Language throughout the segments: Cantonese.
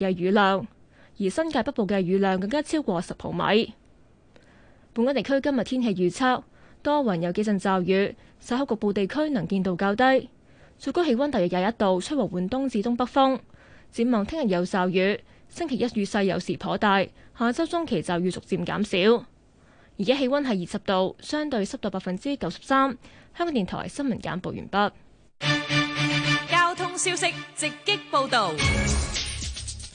有雨量，而新界北部嘅雨量更加超過十毫米。本港地區今日天氣預測多雲，有幾陣驟雨，稍後局部地區能見度較低。最高氣溫大約廿一度，吹和緩東至東北風。展望聽日有驟雨，星期一雨勢有時頗大，下周中期驟雨逐漸減少。而家氣溫係二十度，相對濕度百分之九十三。香港電台新聞簡報完畢。交通消息直擊報道。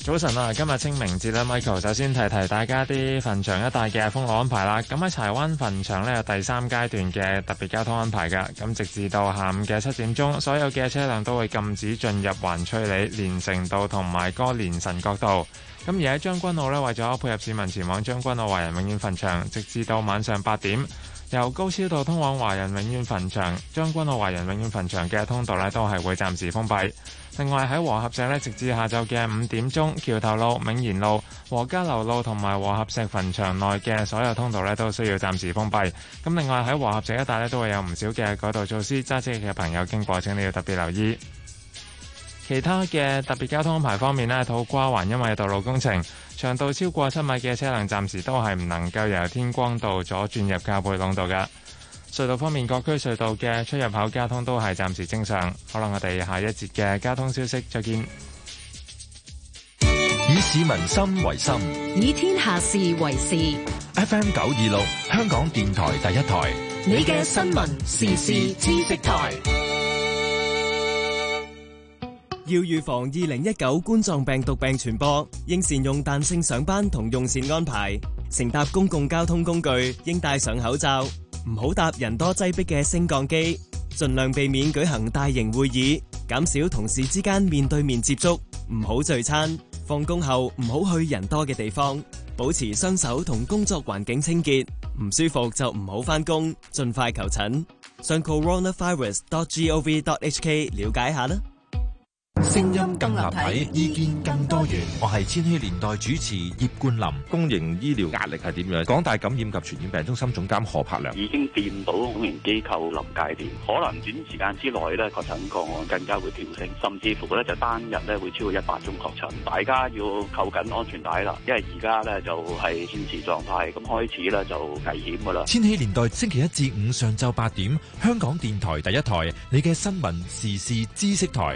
早晨啊，今日清明節咧，Michael 首先提提大家啲墳場一帶嘅封路安排啦。咁喺柴灣墳場呢，有第三階段嘅特別交通安排㗎。咁直至到下午嘅七點鐘，所有嘅車輛都會禁止進入環翠里、連城道同埋歌連臣角道。咁而喺將軍澳呢，為咗配合市民前往將軍澳華人永遠墳場，直至到晚上八點，由高超道通往華人永遠墳場、將軍澳華人永遠墳場嘅通道呢，都係會暫時封閉。另外喺和合石呢，直至下晝嘅五點鐘，橋頭路、永賢路、和家樓路同埋和合石墳場內嘅所有通道咧，都需要暫時封閉。咁另外喺和合石一帶咧，都會有唔少嘅改道措施，揸車嘅朋友經過，請你要特別留意。其他嘅特別交通安排方面咧，土瓜灣因為道路工程，長度超過七米嘅車輛暫時都係唔能夠由天光道左轉入靠背壟道嘅。隧道方面，各區隧道嘅出入口交通都係暫時正常。可能我哋下一節嘅交通消息再見。以市民心為心，以天下事為事。FM 九二六，香港電台第一台。你嘅新聞時事知識台。要預防二零一九冠狀病毒病傳播，應善用彈性上班同用膳安排。乘搭公共交通工具，應戴上口罩。唔好搭人多擠迫嘅升降機，盡量避免舉行大型會議，減少同事之間面對面接觸，唔好聚餐，放工後唔好去人多嘅地方，保持雙手同工作環境清潔，唔舒服就唔好返工，盡快求診。上告 coronavirus.gov.hk 了解下啦。聲音更立體，意見更多元。我係千禧年代主持葉冠霖。公營醫療壓力係點樣？港大感染及傳染病中心總監何柏良已經見到公營機構臨界點，可能短時間之內呢確診個案更加會飆升，甚至乎呢就單日呢會超過一百宗確診。大家要扣緊安全帶啦，因為而家呢就係堅持狀態，咁開始呢就危險噶啦。千禧年代星期一至五上晝八點，香港電台第一台，你嘅新聞時事知識台。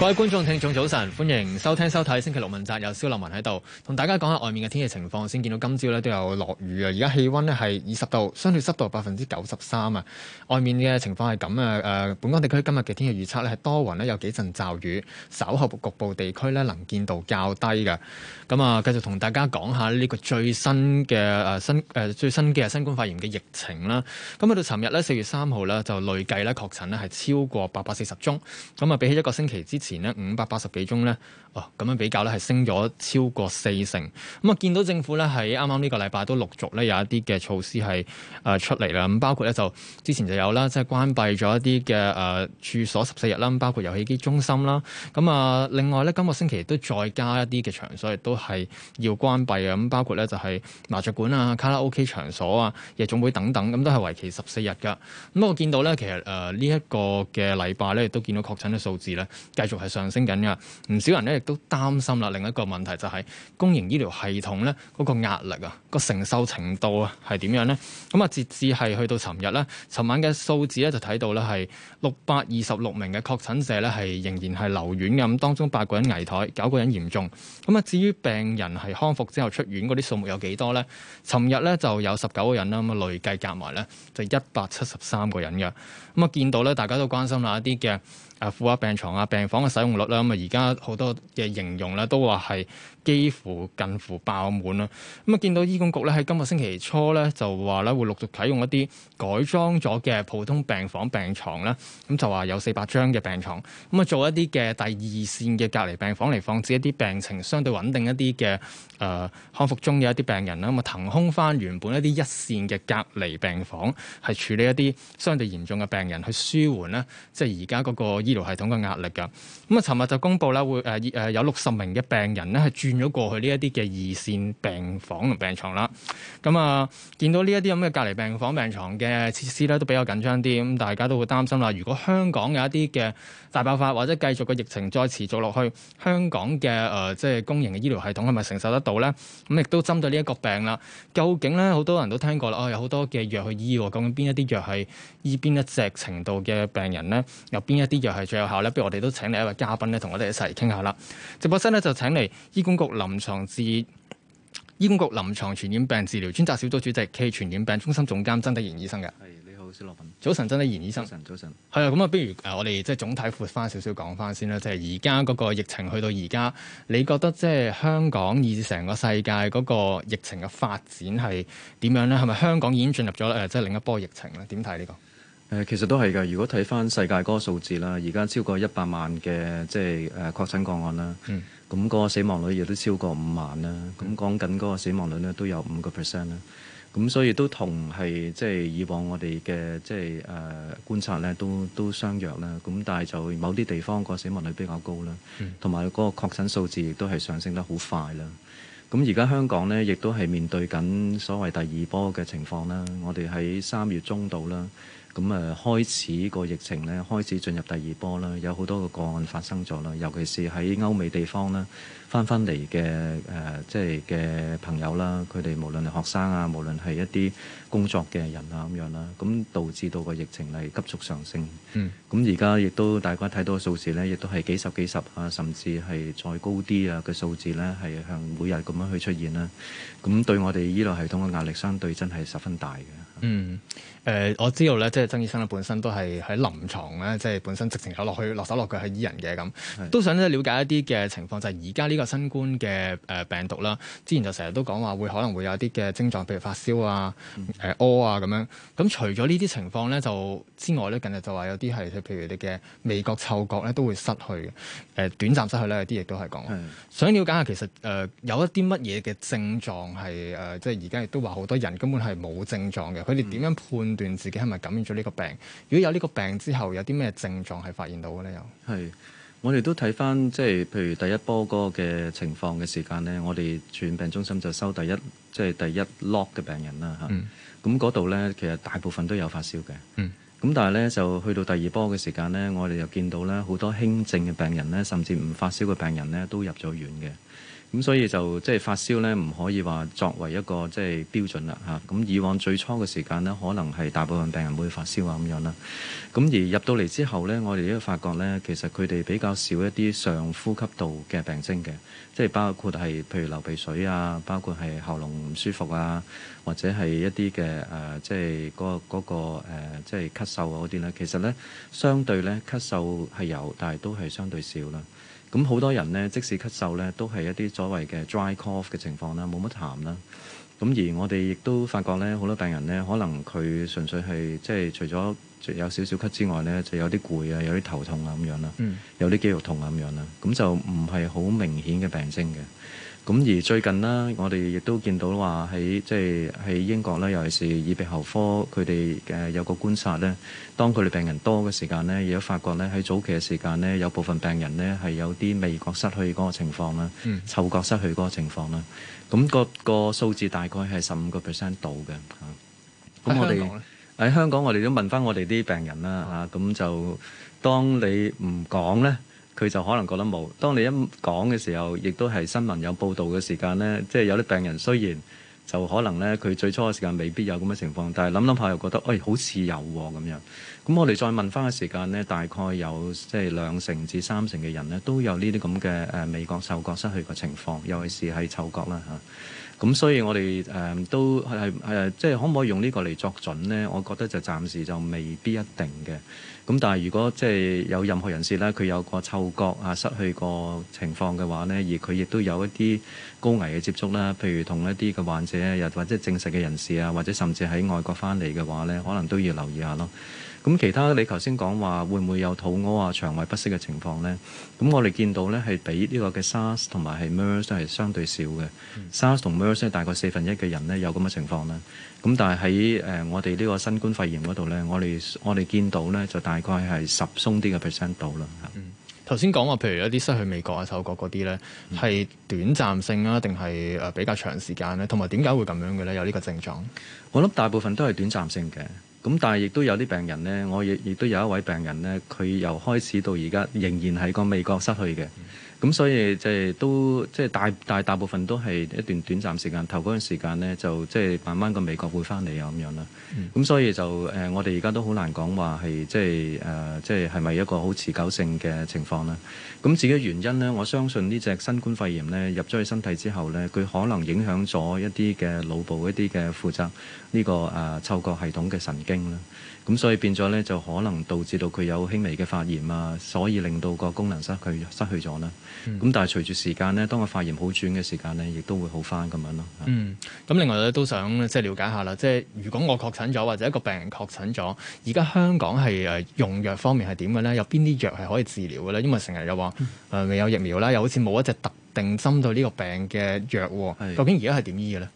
各位觀眾、聽眾早晨，歡迎收聽、收睇《星期六問責》，有蕭立文喺度同大家講下外面嘅天氣情況。先見到今朝咧都有落雨啊！而家氣温咧係二十度，相對濕度百分之九十三啊。外面嘅情況係咁啊。誒、呃，本港地區今日嘅天氣預測咧係多雲咧，有幾陣驟雨，稍後局部地區咧能見度較低嘅。咁啊，繼續同大家講下呢個最新嘅誒新誒、呃、最新嘅新冠肺炎嘅疫情啦。咁去到尋日咧四月三號咧就累計咧確診咧係超過八百四十宗。咁啊，比起一個星期之前。前五百八十幾宗呢，哦咁樣比較呢，係升咗超過四成。咁啊，見到政府呢，喺啱啱呢個禮拜都陸續呢，有一啲嘅措施係誒出嚟啦。咁包括呢，就之前就有啦，即係關閉咗一啲嘅誒處所十四日啦，包括遊戲機中心啦。咁啊，另外呢，今個星期都再加一啲嘅場所，亦都係要關閉嘅。咁包括呢，就係麻雀館啊、卡拉 OK 場所啊、夜總會等等，咁都係為期十四日嘅。咁我見到呢，其實誒呢一個嘅禮拜呢，亦都見到確診嘅數字呢，繼續仲係上升緊㗎，唔少人呢，亦都擔心啦。另一個問題就係公營醫療系統呢，嗰個壓力啊，個承受程度啊係點樣呢？咁、嗯、啊，截至係去到尋日呢，尋晚嘅數字咧就睇到呢係六百二十六名嘅確診者呢，係仍然係留院嘅。咁當中八個人危殆，九個人嚴重。咁、嗯、啊，至於病人係康復之後出院嗰啲數目有幾多呢？尋日呢就有十九個人啦。咁啊，累計夾埋呢，就一百七十三個人嘅。咁啊，見到呢，大家都關心啦一啲嘅。啊，負壓病床啊，病房嘅使用率啦，咁啊，而家好多嘅形容咧，都話係，幾乎近乎爆滿啦！咁啊，見到醫管局咧喺今個星期初咧就話咧會陸續啟用一啲改裝咗嘅普通病房病床咧，咁就話有四百張嘅病床，咁啊做一啲嘅第二線嘅隔離病房嚟放置一啲病情相對穩定一啲嘅誒康復中嘅一啲病人啦，咁啊騰空翻原本一啲一線嘅隔離病房係處理一啲相對嚴重嘅病人去舒緩呢即係而家嗰個醫療系統嘅壓力嘅。咁啊，尋日就公布啦，會誒誒、呃、有六十名嘅病人咧係住變咗過去呢一啲嘅二線病房同病床啦，咁、嗯、啊見到呢一啲咁嘅隔離病房病床嘅設施咧都比較緊張啲，咁、嗯、大家都會擔心啦。如果香港有一啲嘅大爆發，或者繼續個疫情再持續落去，香港嘅誒即係公營嘅醫療系統係咪承受得到咧？咁、嗯、亦都針對呢一個病啦，究竟咧好多人都聽過啦，哦、啊、有好多嘅藥去醫喎，究竟邊一啲藥係醫邊一隻程度嘅病人咧？有邊一啲藥係最有效咧？不如我哋都請嚟一位嘉賓咧，同我哋一齊傾下啦。直播室咧就請嚟醫管局局臨床治醫管局臨床傳染病治療專責小組主席暨傳染病中心總監曾德賢醫生嘅，係你好，小羅文，早晨，曾德賢醫生，早晨，早晨，係啊，咁啊，不如誒、呃，我哋即係總體闊翻少少講翻先啦，即係而家嗰個疫情去到而家，你覺得即係香港以至成個世界嗰個疫情嘅發展係點樣咧？係咪香港已經進入咗誒，即、呃、係、即係、另一波疫情咧？點睇呢個？誒、呃，其實都係噶，如果睇翻世界嗰個數字啦，而家超過一百萬嘅即係誒確診個案啦，嗯。咁個死亡率亦都超過五萬啦。咁講緊嗰個死亡率咧，都有五個 percent 啦。咁所以都同係即係以往我哋嘅即係誒觀察咧，都都相若啦。咁但係就某啲地方個死亡率比較高啦，同埋嗰個確診數字亦都係上升得好快啦。咁而家香港咧，亦都係面對緊所謂第二波嘅情況啦。我哋喺三月中度啦。咁啊，開始個疫情咧，開始進入第二波啦，有好多個個案發生咗啦，尤其是喺歐美地方啦。翻返嚟嘅誒，即係嘅朋友啦，佢哋無論係學生啊，無論係一啲工作嘅人啊咁樣啦，咁導致到個疫情係急速上升。嗯，咁而家亦都大家睇到嘅數字咧，亦都係幾十幾十啊，甚至係再高啲啊嘅數字咧，係向每日咁樣去出現啦。咁對我哋醫療系統嘅壓力，相對真係十分大嘅。嗯、誒、呃，我知道咧，即係曾醫生咧本身都係喺臨床咧，即、就、係、是、本身直情落去落手落腳係醫人嘅咁，是都想了解一啲嘅情況，就係而家呢新冠嘅誒病毒啦，之前就成日都講話會可能會有啲嘅症狀，譬如發燒啊、誒、呃、屙、嗯、啊咁樣。咁除咗呢啲情況咧，就之外咧，近日就話有啲係，譬如你嘅味覺、嗅覺咧都會失去嘅，誒短暫失去咧，有啲亦都係講。的想了解下，其實誒、呃、有一啲乜嘢嘅症狀係誒、呃，即係而家亦都話好多人根本係冇症狀嘅，佢哋點樣判斷自己係咪感染咗呢個病？嗯、如果有呢個病之後，有啲咩症狀係發現到嘅咧？又係。我哋都睇翻即係譬如第一波嗰個嘅情況嘅時間咧，我哋傳病中心就收第一即係第一 lock 嘅病人啦嚇。咁嗰度咧，那那其實大部分都有發燒嘅。咁、mm. 但係咧就去到第二波嘅時間咧，我哋就見到咧好多輕症嘅病人咧，甚至唔發燒嘅病人咧都入咗院嘅。咁所以就即係、就是、發燒咧，唔可以話作為一個即係、就是、標準啦，嚇、啊！咁以往最初嘅時間咧，可能係大部分病人會發燒啊咁樣啦。咁而入到嚟之後咧，我哋都發覺咧，其實佢哋比較少一啲上呼吸道嘅病徵嘅，即係包括係譬如流鼻水啊，包括係喉嚨唔舒服啊，或者係一啲嘅誒，即係嗰個嗰個誒，即係咳嗽嗰啲咧。其實咧，相對咧，咳嗽係有，但係都係相對少啦。咁好多人咧，即使咳嗽咧，都係一啲所謂嘅 dry cough 嘅情況啦，冇乜痰啦。咁而我哋亦都發覺咧，好多病人咧，可能佢純粹係即係除咗有少少咳之外咧，就有啲攰啊，有啲頭痛啊咁樣啦，有啲肌肉痛啊咁樣啦，咁就唔係好明顯嘅病徵嘅。咁而最近啦，我哋亦都見到話喺即係喺英國咧，尤其是耳鼻喉科，佢哋誒有個觀察咧，當佢哋病人多嘅時間咧，亦都發覺咧喺早期嘅時間咧，有部分病人咧係有啲味覺失去嗰個情況啦，嗅覺、嗯、失去嗰、嗰個情況啦。咁個個數字大概係十五個 percent 度嘅嚇。咁、嗯、我哋喺香港呢，香港我哋都問翻我哋啲病人啦嚇。咁、嗯啊、就當你唔講咧。佢就可能覺得冇。當你一講嘅時候，亦都係新聞有報導嘅時間呢。即係有啲病人雖然就可能呢，佢最初嘅時間未必有咁嘅情況，但係諗諗下又覺得，喂、哎，好似有咁、哦、樣。咁我哋再問翻個時間呢，大概有即係兩成至三成嘅人呢，都有呢啲咁嘅誒味覺嗅覺失去嘅情況，尤其是係嗅覺啦嚇。咁、啊、所以我哋誒、啊、都係係、啊啊啊、即係可唔可以用呢個嚟作準呢？我覺得就暫時就未必一定嘅。咁但係如果即係有任何人士啦，佢有個嗅覺啊失去個情況嘅話咧，而佢亦都有一啲高危嘅接觸啦，譬如同一啲嘅患者啊又或者證實嘅人士啊，或者甚至喺外國翻嚟嘅話咧，可能都要留意下咯。咁其他你頭先講話會唔會有肚屙啊、腸胃不適嘅情況咧？咁我哋見到咧係比呢個嘅 SARS 同埋係 MERS 都係相對少嘅，SARS、嗯、同 MERS 咧大概四分一嘅人咧有咁嘅情況啦。咁但係喺誒我哋呢個新冠肺炎嗰度咧，我哋我哋見到咧就大概係十鬆啲嘅 percent 度啦。頭先講話譬如一啲失去味覺啊、嗅覺嗰啲咧係短暫性啊，定係誒比較長時間咧？同埋點解會咁樣嘅咧？有呢個症狀？我諗大部分都係短暫性嘅。咁但係亦都有啲病人咧，我亦亦都有一位病人咧，佢由開始到而家仍然係個味覺失去嘅。咁、嗯、所以即係都即係、就是、大大大部分都係一段短暫時間頭嗰陣時間咧就即係慢慢個味覺會翻嚟啊，咁樣啦。咁、嗯、所以就誒、呃、我哋而家都好難講話係即係誒即係係咪一個好持久性嘅情況啦。咁自己原因咧，我相信呢隻新冠肺炎咧入咗去身體之後咧，佢可能影響咗一啲嘅腦部一啲嘅負責呢、這個誒嗅覺系統嘅神經啦，咁所以變咗咧，就可能導致到佢有輕微嘅發炎啊，所以令到個功能失去失去咗啦。咁但係隨住時間咧，當個發炎好轉嘅時間咧，亦都會好返咁樣咯。嗯，咁另外咧都想即係了解下啦，即係如果我確診咗或者一個病人確診咗，而家香港係誒用藥方面係點嘅咧？有邊啲藥係可以治療嘅咧？因為成日又話誒未有疫苗啦，嗯、又好似冇一隻特定針對呢個病嘅藥，是究竟而家係點醫嘅咧？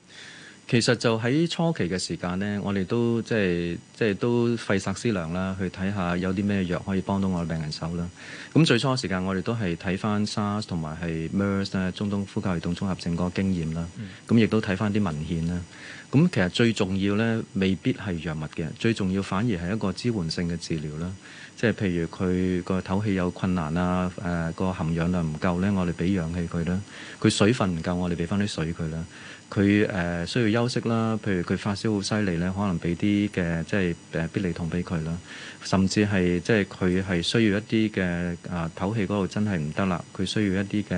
其實就喺初期嘅時間咧，我哋都即係即係都費煞思量啦，去睇下有啲咩藥可以幫到我哋病人手啦。咁最初嘅時間，我哋都係睇翻 SARS 同埋係 MERS 咧，中東呼吸系統綜合症嗰個經驗啦。咁亦、嗯嗯、都睇翻啲文獻啦。咁其實最重要咧，未必係藥物嘅，最重要反而係一個支援性嘅治療啦。即係譬如佢個唞氣有困難啊，誒、呃、個含氧量唔夠咧，我哋俾氧氣佢啦。佢水分唔夠，我哋俾翻啲水佢啦。佢誒、呃、需要休息啦，譬如佢發燒好犀利咧，可能俾啲嘅即係誒、呃、必理痛俾佢啦，甚至係即係佢係需要一啲嘅啊，唞氣嗰度真係唔得啦，佢需要一啲嘅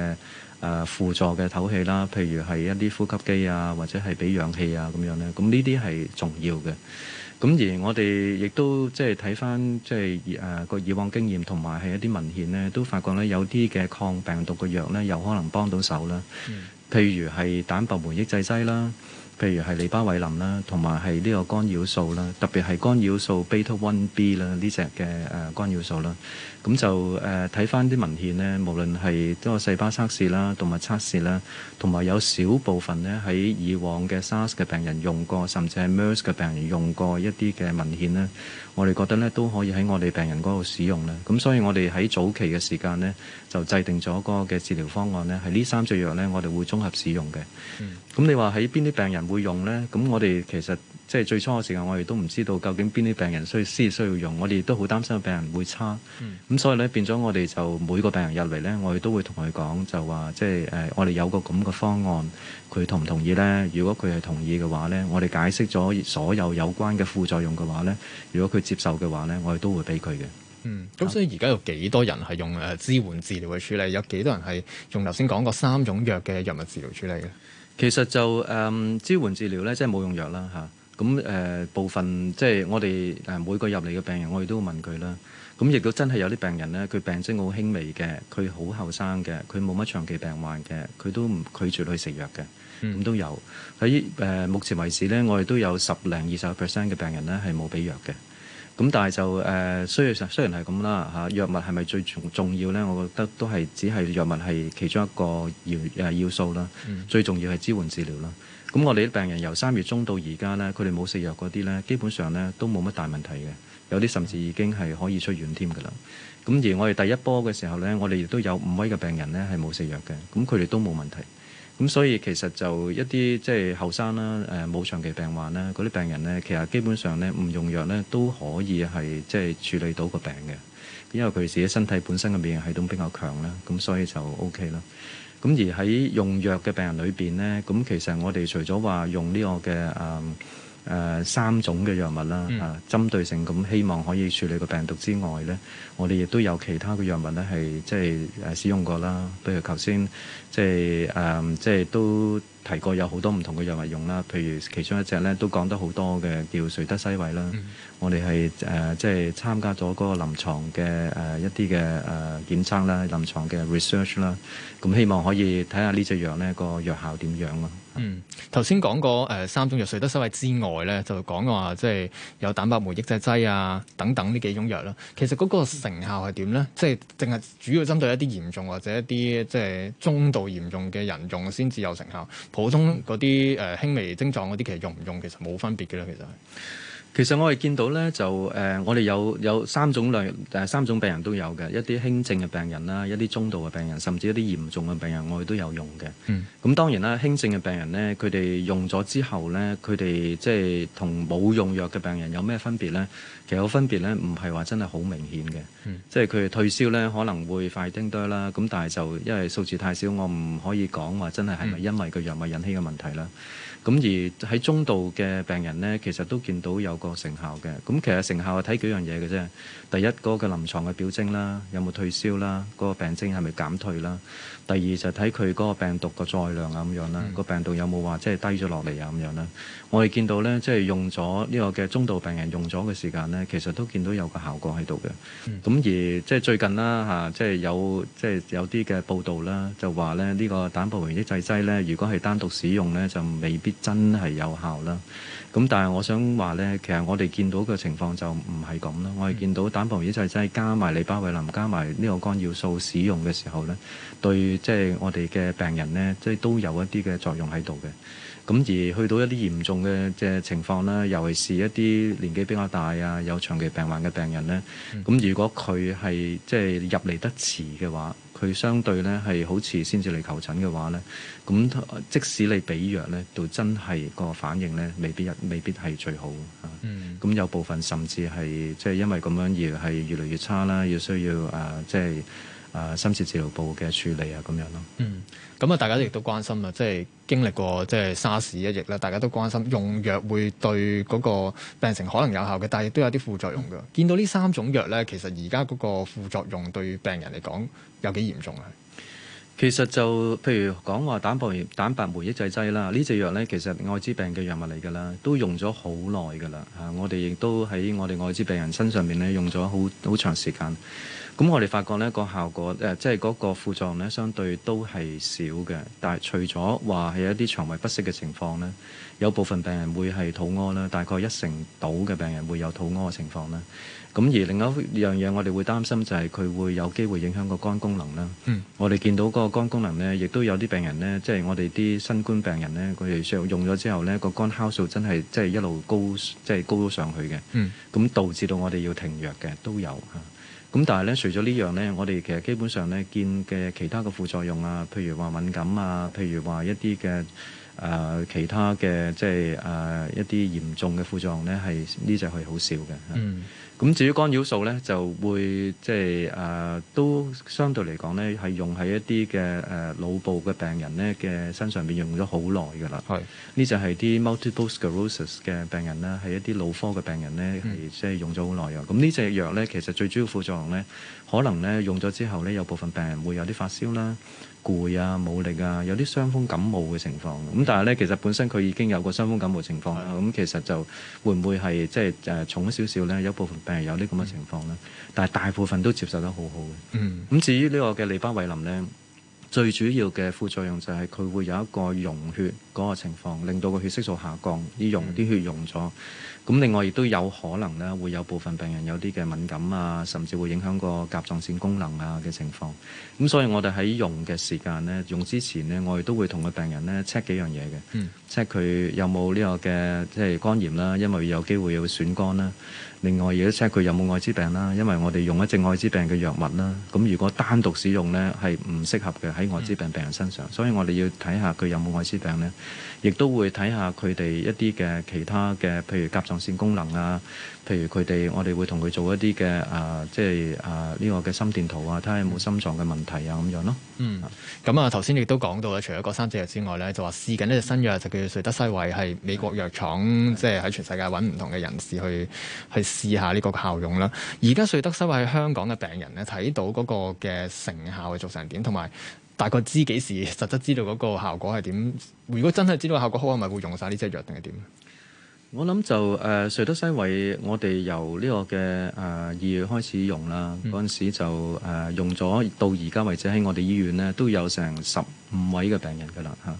啊輔助嘅唞氣啦，譬如係一啲呼吸機啊，或者係俾氧氣啊咁樣咧，咁呢啲係重要嘅。咁而我哋亦都即係睇翻即係誒個以往經驗同埋係一啲文獻咧，都發覺咧有啲嘅抗病毒嘅藥咧，有可能幫到手啦。嗯、譬如係蛋白酶抑制劑啦。嗯譬如係利巴韋林啦，同埋係呢個干擾素啦，特別係干擾素 Beta one B 啦呢隻嘅誒干擾素啦，咁就誒睇返啲文獻咧，無論係多個細胞測試啦、動物測試啦，同埋有少部分咧喺以往嘅 SARS 嘅病人用過，甚至係 MERS 嘅病人用過一啲嘅文獻咧，我哋覺得咧都可以喺我哋病人嗰度使用啦。咁所以我哋喺早期嘅時間咧，就制定咗嗰個嘅治療方案咧，係呢三隻藥咧，我哋會綜合使用嘅。嗯咁你話喺邊啲病人會用咧？咁我哋其實即係最初嘅時間，我哋都唔知道究竟邊啲病人需要需要用。我哋都好擔心病人會差。咁、嗯、所以咧變咗，我哋就每個病人入嚟咧，我哋都會同佢講，就話即係誒，我哋有個咁嘅方案，佢同唔同意咧？如果佢係同意嘅話咧，我哋解釋咗所有有關嘅副作用嘅話咧，如果佢接受嘅話咧，我哋都會俾佢嘅。嗯，咁所以而家有幾多人係用誒、呃、支援治療去處理？有幾多人係用頭先講過三種藥嘅藥物治療處理咧？其實就誒、嗯、支援治療咧，即係冇用藥啦嚇。咁、啊、誒、啊、部分即係我哋誒每個入嚟嘅病人，我哋都會問佢啦。咁亦都真係有啲病人咧，佢病徵好輕微嘅，佢好後生嘅，佢冇乜長期病患嘅，佢都唔拒絕去食藥嘅，咁、嗯、都有喺誒、啊、目前為止咧，我哋都有十零二十個 percent 嘅病人咧係冇俾藥嘅。咁但係就誒、呃，雖然雖然係咁啦嚇，藥物係咪最重重要咧？我覺得都係只係藥物係其中一個要誒要素啦。嗯、最重要係支援治療啦。咁我哋啲病人由三月中到而家咧，佢哋冇食藥嗰啲咧，基本上咧都冇乜大問題嘅。有啲甚至已經係可以出院添㗎喇。咁而我哋第一波嘅時候咧，我哋亦都有五位嘅病人咧係冇食藥嘅，咁佢哋都冇問題。咁所以其實就一啲即係後生啦，誒冇長期病患啦嗰啲病人咧，其實基本上咧唔用藥咧都可以係即係處理到個病嘅，因為佢自己身體本身嘅免疫系統比較強啦，咁所以就 OK 啦。咁而喺用藥嘅病人裏邊咧，咁其實我哋除咗話用呢個嘅誒。嗯誒三種嘅藥物啦，嗯、啊，針對性咁希望可以處理個病毒之外咧，我哋亦都有其他嘅藥物咧，係即係誒使用過啦。譬如頭先即係誒、啊、即係、啊、都提過有好多唔同嘅藥物用啦，譬如其中一隻咧都講得好多嘅叫瑞德西韋啦。嗯、我哋係誒即係參加咗嗰個臨床嘅誒、啊、一啲嘅誒檢測啦、啊，臨床嘅 research 啦、啊，咁、啊、希望可以睇下呢隻藥咧個藥效點樣咯。嗯，頭先講過誒、呃、三種藥，瑞德西韋之外咧，就講話即係有蛋白酶抑制劑啊等等呢幾種藥啦。其實嗰個成效係點咧？即係淨係主要針對一啲嚴重或者一啲即係中度嚴重嘅人用先至有成效，普通嗰啲誒輕微症狀嗰啲其實用唔用其實冇分別嘅啦，其實係。其實我哋見到咧，就誒、呃，我哋有有三種類，誒、呃，三種病人都有嘅，一啲輕症嘅病人啦，一啲中度嘅病人，甚至一啲嚴重嘅病人，我哋都有用嘅。咁、嗯嗯、當然啦，輕症嘅病人咧，佢哋用咗之後咧，佢哋即係同冇用藥嘅病人有咩分別咧？其實個分別咧，唔係話真係好明顯嘅，嗯、即係佢哋退燒咧可能會快啲多啦。咁但係就因為數字太少，我唔可以講話真係係咪因為個藥物引起嘅問題啦。嗯咁而喺中度嘅病人咧，其實都見到有個成效嘅。咁其實成效係睇幾樣嘢嘅啫。第一，嗰個臨床嘅表徵啦，有冇退燒啦，嗰個病徵係咪減退啦？第二就睇佢嗰個病毒個載量啊咁樣啦，個病毒有冇話即係低咗落嚟啊咁樣啦？我哋見到咧，即係用咗呢個嘅中度病人用咗嘅時間咧，其實都見到有個效果喺度嘅。咁、嗯、而即係最近啦嚇、啊，即係有即係有啲嘅報導啦，就話咧呢個蛋白酶抑制劑咧，如果係單獨使用咧，就未必，真係有效啦！咁但係我想話咧，其實我哋見到嘅情況就唔係咁啦。嗯、我哋見到蛋白酶抑制劑加埋利巴韋林加埋呢個干擾素使用嘅時候咧，對即係我哋嘅病人咧，即、就、係、是、都有一啲嘅作用喺度嘅。咁而去到一啲嚴重嘅即係情況啦，尤其是一啲年紀比較大啊、有長期病患嘅病人咧，咁、嗯、如果佢係即係入嚟得遲嘅話，佢相對咧係好似先至嚟求診嘅話咧，咁即使你俾藥咧，都真係個反應咧，未必未必係最好啊。咁、嗯、有部分甚至係即係因為咁樣而係越嚟越差啦，要需要誒即係誒深切治療部嘅處理啊，咁樣咯。嗯咁啊，大家亦都關心啊，即係經歷過即係沙士一役咧，大家都關心用藥會對嗰個病情可能有效嘅，但係亦都有啲副作用嘅。見到呢三種藥咧，其實而家嗰個副作用對病人嚟講有幾嚴重啊？其實就譬如講話蛋白蛋白酶抑制劑啦，呢隻藥咧其實愛滋病嘅藥物嚟㗎啦，都用咗好耐㗎啦。嚇，我哋亦都喺我哋愛滋病人身上面咧用咗好好長時間。咁我哋發覺呢、個效果誒、呃，即係嗰個副作用咧，相對都係少嘅。但係除咗話係一啲腸胃不適嘅情況咧，有部分病人會係肚屙啦，大概一成到嘅病人會有肚屙嘅情況啦。咁而另一樣嘢，我哋會擔心就係佢會有機會影響個肝功能啦。嗯、我哋見到個肝功能咧，亦都有啲病人咧，即係我哋啲新冠病人咧，佢哋上用咗之後咧，個肝酵素真係即係一路高，即係高咗上去嘅。嗯，咁導致到我哋要停藥嘅都有嚇。咁但係咧，除咗呢樣咧，我哋其實基本上咧，見嘅其他嘅副作用啊，譬如話敏感啊，譬如話一啲嘅。誒、呃、其他嘅即係誒、呃、一啲嚴重嘅副作用咧，係呢只係好少嘅。嗯，咁至於干擾素咧，就會即係誒、呃、都相對嚟講咧，係用喺一啲嘅誒腦部嘅病人咧嘅身上邊用咗好耐㗎啦。係呢只係啲 Multiple sclerosis 嘅病人啦，係一啲腦科嘅病人咧係即係用咗好耐㗎。咁呢隻藥咧，其實最主要副作用咧，可能咧用咗之後咧，有部分病人會有啲發燒啦。攰啊，冇力啊，有啲傷風感冒嘅情況。咁、嗯、但係咧，其實本身佢已經有個傷風感冒情況，咁、嗯嗯、其實就會唔會係即係誒重少少咧？一部有部分病人有啲咁嘅情況咧，嗯、但係大部分都接受得好好嘅。嗯。咁至於個呢個嘅利巴韋林咧，最主要嘅副作用就係佢會有一個溶血嗰個情況，令到個血色素下降，啲溶啲、嗯、血溶咗。咁另外亦都有可能咧，會有部分病人有啲嘅敏感啊，甚至會影響個甲狀腺功能啊嘅情況。咁所以我哋喺用嘅時間咧，用之前咧，我哋都會同個病人咧 check 幾樣嘢嘅，check 佢有冇呢個嘅即係肝炎啦，因為有機會要損肝啦。另外亦都 check 佢有冇艾滋病啦，因為我哋用一隻艾滋病嘅藥物啦。咁、嗯、如果單獨使用咧，係唔適合嘅喺艾滋病病人身上，嗯、所以我哋要睇下佢有冇艾滋病咧。亦都會睇下佢哋一啲嘅其他嘅，譬如甲狀腺功能啊，譬如佢哋，我哋會同佢做一啲嘅啊，即係啊呢個嘅心電圖啊，睇下有冇心臟嘅問題啊咁樣咯。嗯，咁啊頭先亦都講到咧，除咗嗰三隻藥之外咧，就話試緊呢隻新藥，就叫瑞德西韋，係美國藥廠，即係喺全世界揾唔同嘅人士去去試下呢個效用啦。而家瑞德西韋喺香港嘅病人咧，睇到嗰個嘅成效係做成點，同埋，大概知幾時實質知道嗰個效果係點？如果真係知道效果好，係咪會用晒呢隻藥定係點？我諗就誒，瑞德西維我哋由呢個嘅誒二月開始用啦，嗰陣時就誒、呃、用咗到而家為止喺我哋醫院咧都有成十五位嘅病人㗎啦嚇。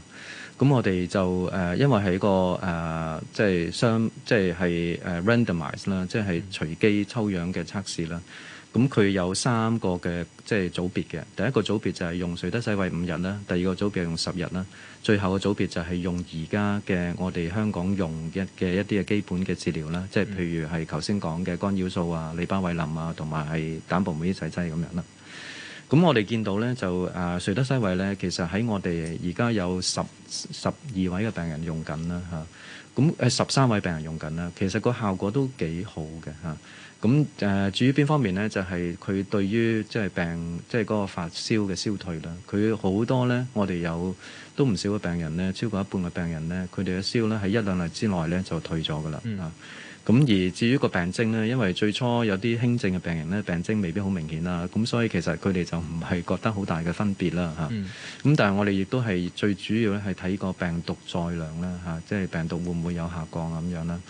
咁、啊、我哋就誒、呃、因為係一個誒即係雙即係誒 randomize 啦，即係隨機抽樣嘅測試啦。嗯嗯咁佢有三個嘅即係組別嘅，第一個組別就係用瑞德西韋五日啦，第二個組別用十日啦，最後個組別就係用而家嘅我哋香港用一嘅一啲嘅基本嘅治療啦，即係譬如係頭先講嘅干擾素西西、嗯嗯、啊、利巴韋林啊，同埋係膽部酶抑制劑咁樣啦。咁我哋見到咧就誒瑞德西韋咧，其實喺我哋而家有十十二位嘅病人用緊啦嚇，咁、啊、誒、啊、十三位病人用緊啦，其實個效果都幾好嘅嚇。啊咁誒，至於邊方面咧，就係、是、佢對於即係病，即係嗰個發燒嘅消退啦。佢好多咧，我哋有都唔少嘅病人咧，超過一半嘅病人咧，佢哋嘅燒咧喺一兩日之內咧就退咗噶啦嚇。咁、嗯啊、而至於個病徵咧，因為最初有啲輕症嘅病人咧，病徵未必好明顯啦。咁所以其實佢哋就唔係覺得好大嘅分別啦嚇。咁、啊嗯、但係我哋亦都係最主要咧，係睇個病毒載量啦嚇，即、啊、係、就是、病毒會唔會有下降咁樣啦。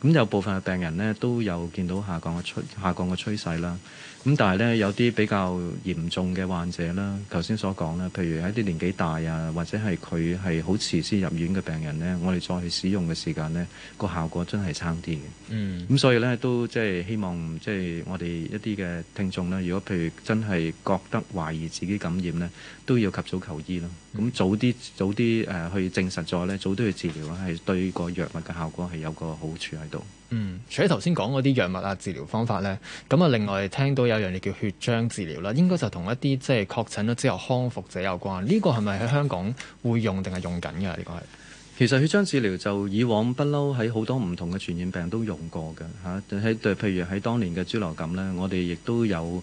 咁有部分嘅病人咧，都有見到下降嘅趨下降嘅趨勢啦。咁但係咧，有啲比較嚴重嘅患者啦，頭先所講啦，譬如喺啲年紀大啊，或者係佢係好遲先入院嘅病人咧，我哋再去使用嘅時間咧，個效果真係差啲嘅。嗯。咁所以咧，都即係希望，即係我哋一啲嘅聽眾咧，如果譬如真係覺得懷疑自己感染咧，都要及早求醫咯。咁，嗯，早啲早啲誒去證實咗咧，早啲去治療係對個藥物嘅效果係有個好處喺度。嗯，除咗頭先講嗰啲藥物啊，治療方法呢，咁啊，另外聽到有樣嘢叫血漿治療啦，應該就同一啲即係確診咗之後康復者有關。呢、呢個係咪喺香港會用定係用緊㗎？呢個係，其實血漿治療就以往不嬲喺好多唔同嘅傳染病都用過㗎吓，喺、啊、譬如喺當年嘅豬流感呢，我哋亦都有。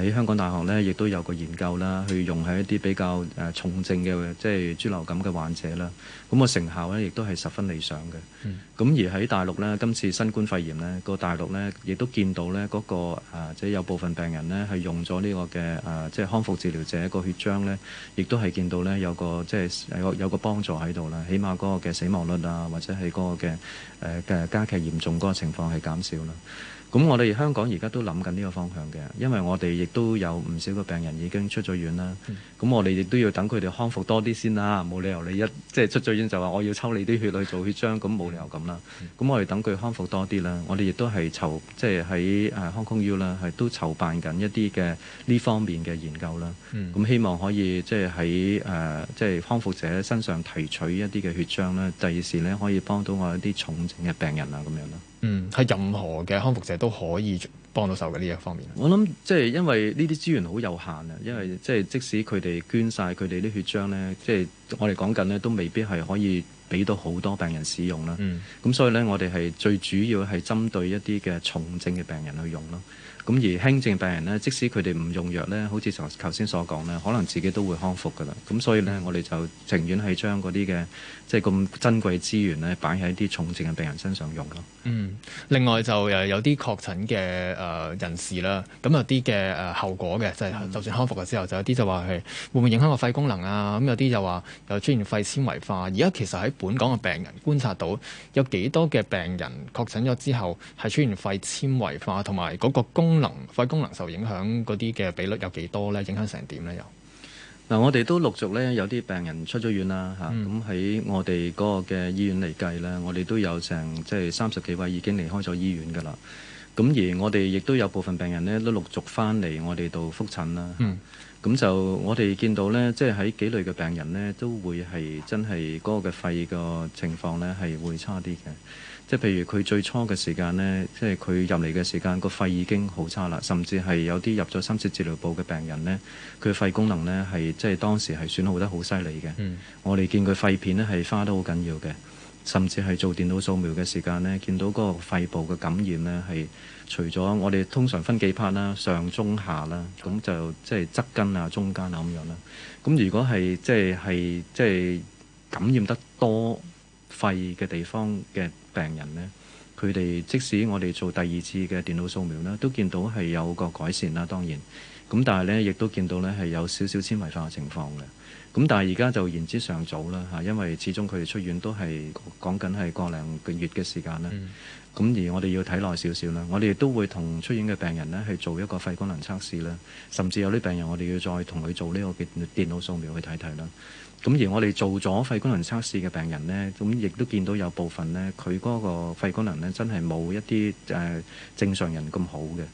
喺香港大學咧，亦都有個研究啦，去用喺一啲比較誒重症嘅，即係豬流感嘅患者啦。咁個成效咧，亦都係十分理想嘅。咁而喺大陸咧，今次新冠肺炎咧，個大陸咧，亦都見到咧嗰個誒，即係有部分病人咧係用咗呢個嘅誒，即係康復治療者個血漿咧，亦都係見到咧有個即係有有個幫助喺度啦。起碼嗰個嘅死亡率啊，或者係嗰個嘅誒誒加劇嚴重嗰個情況係減少啦。咁我哋香港而家都諗緊呢個方向嘅，因為我哋亦都有唔少嘅病人已經出咗院啦。咁、嗯、我哋亦都要等佢哋康復多啲先啦，冇理由你一即係、就是、出咗院就話我要抽你啲血去做血漿，咁冇理由咁啦。咁、嗯、我哋等佢康復多啲啦。我哋亦都係籌即係喺誒 Hong Kong U 啦，係都籌辦緊一啲嘅呢方面嘅研究啦。咁、嗯、希望可以即係喺誒即係康復者身上提取一啲嘅血漿啦，第二時咧可以幫到我一啲重症嘅病人啊咁樣啦。嗯，係任何嘅康復者都可以幫到手嘅呢一方面。我諗即係因為呢啲資源好有限啊，因為即係、就是、即使佢哋捐晒佢哋啲血漿咧，即、就、係、是、我哋講緊咧都未必係可以，俾到好多病人使用啦，咁、嗯、所以咧我哋係最主要係針對一啲嘅重症嘅病人去用咯。咁而輕症病人咧，即使佢哋唔用藥咧，好似頭頭先所講咧，可能自己都會康復㗎啦。咁所以咧，嗯、我哋就情願係將嗰啲嘅即係咁珍貴資源咧，擺喺啲重症嘅病人身上用咯。嗯，另外就又有啲確診嘅誒人士啦，咁有啲嘅誒後果嘅，就係、是、就算康復嘅之後，嗯、就有啲就話係會唔會影響個肺功能啊？咁有啲就話又出現肺纖維化，而家其實喺本港嘅病人觀察到有幾多嘅病人確診咗之後，係出現肺纖維化同埋嗰個功能肺功能受影響嗰啲嘅比率有幾多呢？影響成點呢？又嗱、嗯，我哋都陸續呢，有啲病人出咗院啦，嚇咁喺我哋嗰個嘅醫院嚟計呢，我哋都有成即係三十幾位已經離開咗醫院噶啦。咁而我哋亦都有部分病人呢，都陸續翻嚟我哋度覆診啦。嗯咁就我哋見到呢，即係喺幾類嘅病人呢，都會係真係嗰個嘅肺個情況呢，係會差啲嘅。即係譬如佢最初嘅時間呢，即係佢入嚟嘅時間，個肺已經好差啦。甚至係有啲入咗深切治療部嘅病人呢，佢肺功能呢，係即係當時係損耗得好犀利嘅。嗯、我哋見佢肺片呢，係花得好緊要嘅，甚至係做電腦掃描嘅時間呢，見到嗰個肺部嘅感染呢，係。除咗我哋通常分幾拍啦，上中下啦，咁就即係側根啊、中間啊咁樣啦。咁如果係即係係即係感染得多肺嘅地方嘅病人呢，佢哋即使我哋做第二次嘅電腦掃描咧，都見到係有個改善啦。當然，咁但係呢，亦都見到呢係有少少纖維化嘅情況嘅。咁但係而家就言之尚早啦，嚇，因為始終佢哋出院都係講緊係個零個月嘅時間啦。咁、嗯、而我哋要睇耐少少啦。我哋亦都會同出院嘅病人咧，去做一個肺功能測試啦，甚至有啲病人我哋要再同佢做呢個嘅電腦掃描去睇睇啦。咁而我哋做咗肺功能測試嘅病人呢，咁亦都見到有部分呢，佢嗰個肺功能呢，真係冇一啲誒正常人咁好嘅。咁、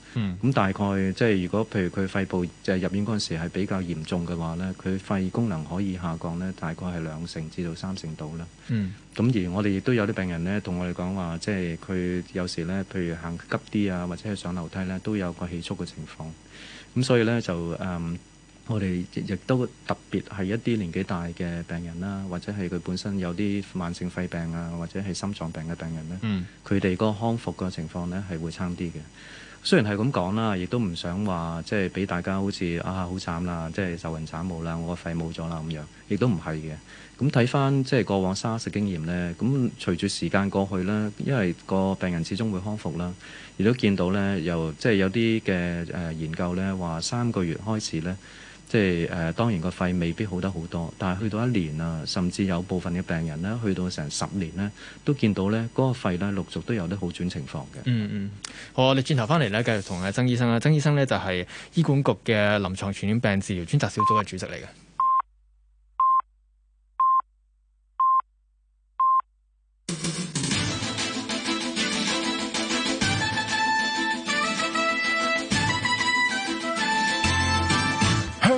嗯、大概即係如果譬如佢肺部入院嗰陣時係比較嚴重嘅話呢，佢肺功能可以下降呢，大概係兩成至到三成度啦。咁、嗯、而我哋亦都有啲病人呢，同我哋講話，即係佢有時呢，譬如行急啲啊，或者係上樓梯呢，都有個氣促嘅情況。咁所以呢，就誒。嗯我哋亦都特別係一啲年紀大嘅病人啦，或者係佢本身有啲慢性肺病啊，或者係心臟病嘅病人呢，佢哋、嗯、個康復個情況呢係會差啲嘅。雖然係咁講啦，亦都唔想話即係俾大家好似啊好慘啦，即係受人慘冇啦，我個肺冇咗啦咁樣，亦都唔係嘅。咁睇翻即係過往沙士經驗呢，咁隨住時間過去啦，因為個病人始終會康復啦，亦都見到呢，又即係有啲嘅誒研究呢話三個月開始呢。即係誒、呃，當然個肺未必好得好多，但係去到一年啊，甚至有部分嘅病人呢，去到成十年呢，都見到呢嗰、那個肺呢，陸續都有啲好轉情況嘅。嗯嗯，好，我哋轉頭翻嚟呢，繼續同阿曾醫生啦。曾醫生呢，就係、是、醫管局嘅臨床傳染病治療專責小組嘅主席嚟嘅。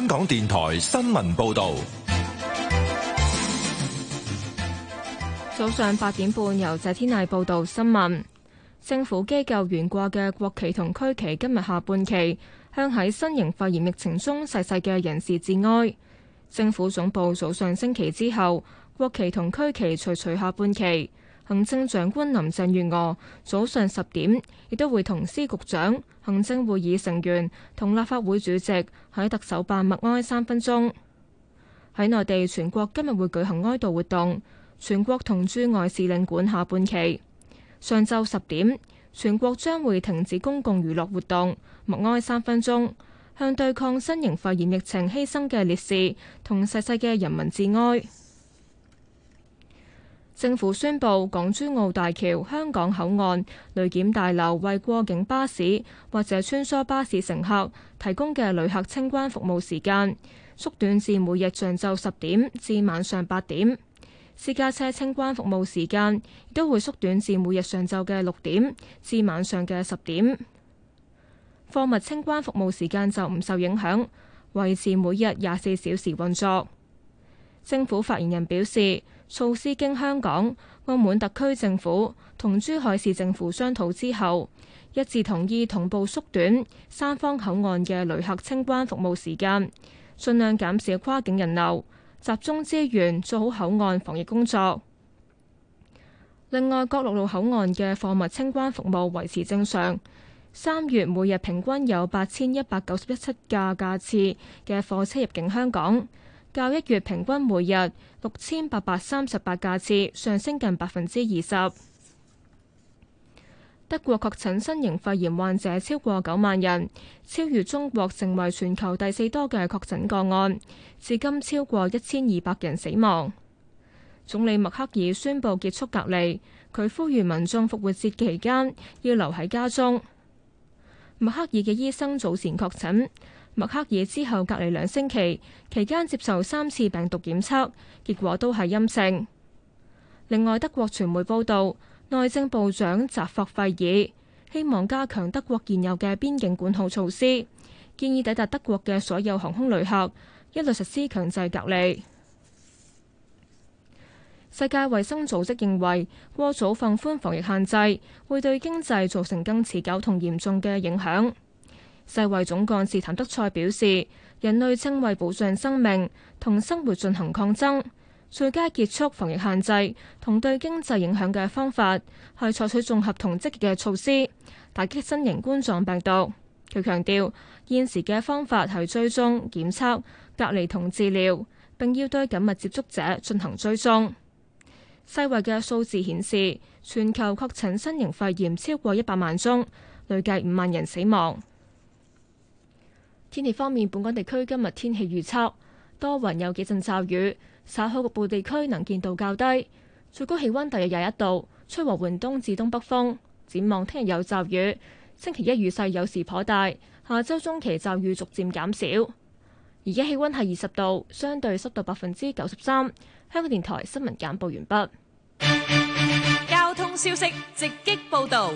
香港電台新聞報道：早上八點半，由謝天麗報道新聞。政府機構懸掛嘅國旗同區旗今日下半旗，向喺新型肺炎疫情中逝世嘅人士致哀。政府總部早上升旗之後，國旗同區旗隨隨下半旗。行政長官林鄭月娥早上十點亦都會同司局長、行政會議成員同立法會主席喺特首辦默哀三分鐘。喺內地全國今日會舉行哀悼活動，全國同駐外使領館下半旗。上晝十點，全國將會停止公共娛樂活動，默哀三分鐘，向對抗新型肺炎疫情犧牲嘅烈士同逝世嘅人民致哀。政府宣布，港珠澳大橋香港口岸旅檢大樓為過境巴士或者穿梭巴士乘客提供嘅旅客清關服務時間縮短至每日上晝十點至晚上八點；私家車清關服務時間亦都會縮短至每日上晝嘅六點至晚上嘅十點。貨物清關服務時間就唔受影響，維持每日廿四小時運作。政府發言人表示，措施經香港、澳門特區政府同珠海市政府商討之後，一致同意同步縮短三方口岸嘅旅客清關服務時間，盡量減少跨境人流，集中資源做好口岸防疫工作。另外，各陸路口岸嘅貨物清關服務維持正常。三月每日平均有八千一百九十一七架架次嘅貨車入境香港。1> 較一月平均每日六千八百三十八架次，上升近百分之二十。德國確診新型肺炎患者超過九萬人，超越中國成為全球第四多嘅確診個案，至今超過一千二百人死亡。總理默克爾宣布結束隔離，佢呼籲民眾復活節期間要留喺家中。默克爾嘅醫生早前確診。默克爾之後隔離兩星期，期間接受三次病毒檢測，結果都係陰性。另外，德國傳媒報道，內政部長扎霍費爾希望加強德國現有嘅邊境管控措施，建議抵達德國嘅所有航空旅客一律實施強制隔離。世界衛生組織認為，過早放寬防疫限制會對經濟造成更持久同嚴重嘅影響。世衛總幹事譚德塞表示，人類正為保障生命同生活進行抗爭，最佳結束防疫限制同對經濟影響嘅方法係採取綜合同積極嘅措施，打擊新型冠狀病毒。佢強調，現時嘅方法係追蹤、檢測、隔離同治療，並要對緊密接觸者進行追蹤。世衛嘅數字顯示，全球確診新型肺炎超過一百萬宗，累計五萬人死亡。天氣方面，本港地區今日天，天氣預測多雲有幾陣驟雨，稍後局部地區能見度較低，最高氣溫大約廿一度，吹和緩東至東北風。展望聽日有驟雨，星期一雨勢有時頗大，下周中期驟雨逐漸減少。而家氣溫係二十度，相對濕度百分之九十三。香港電台新聞簡報完畢。交通消息直擊報道。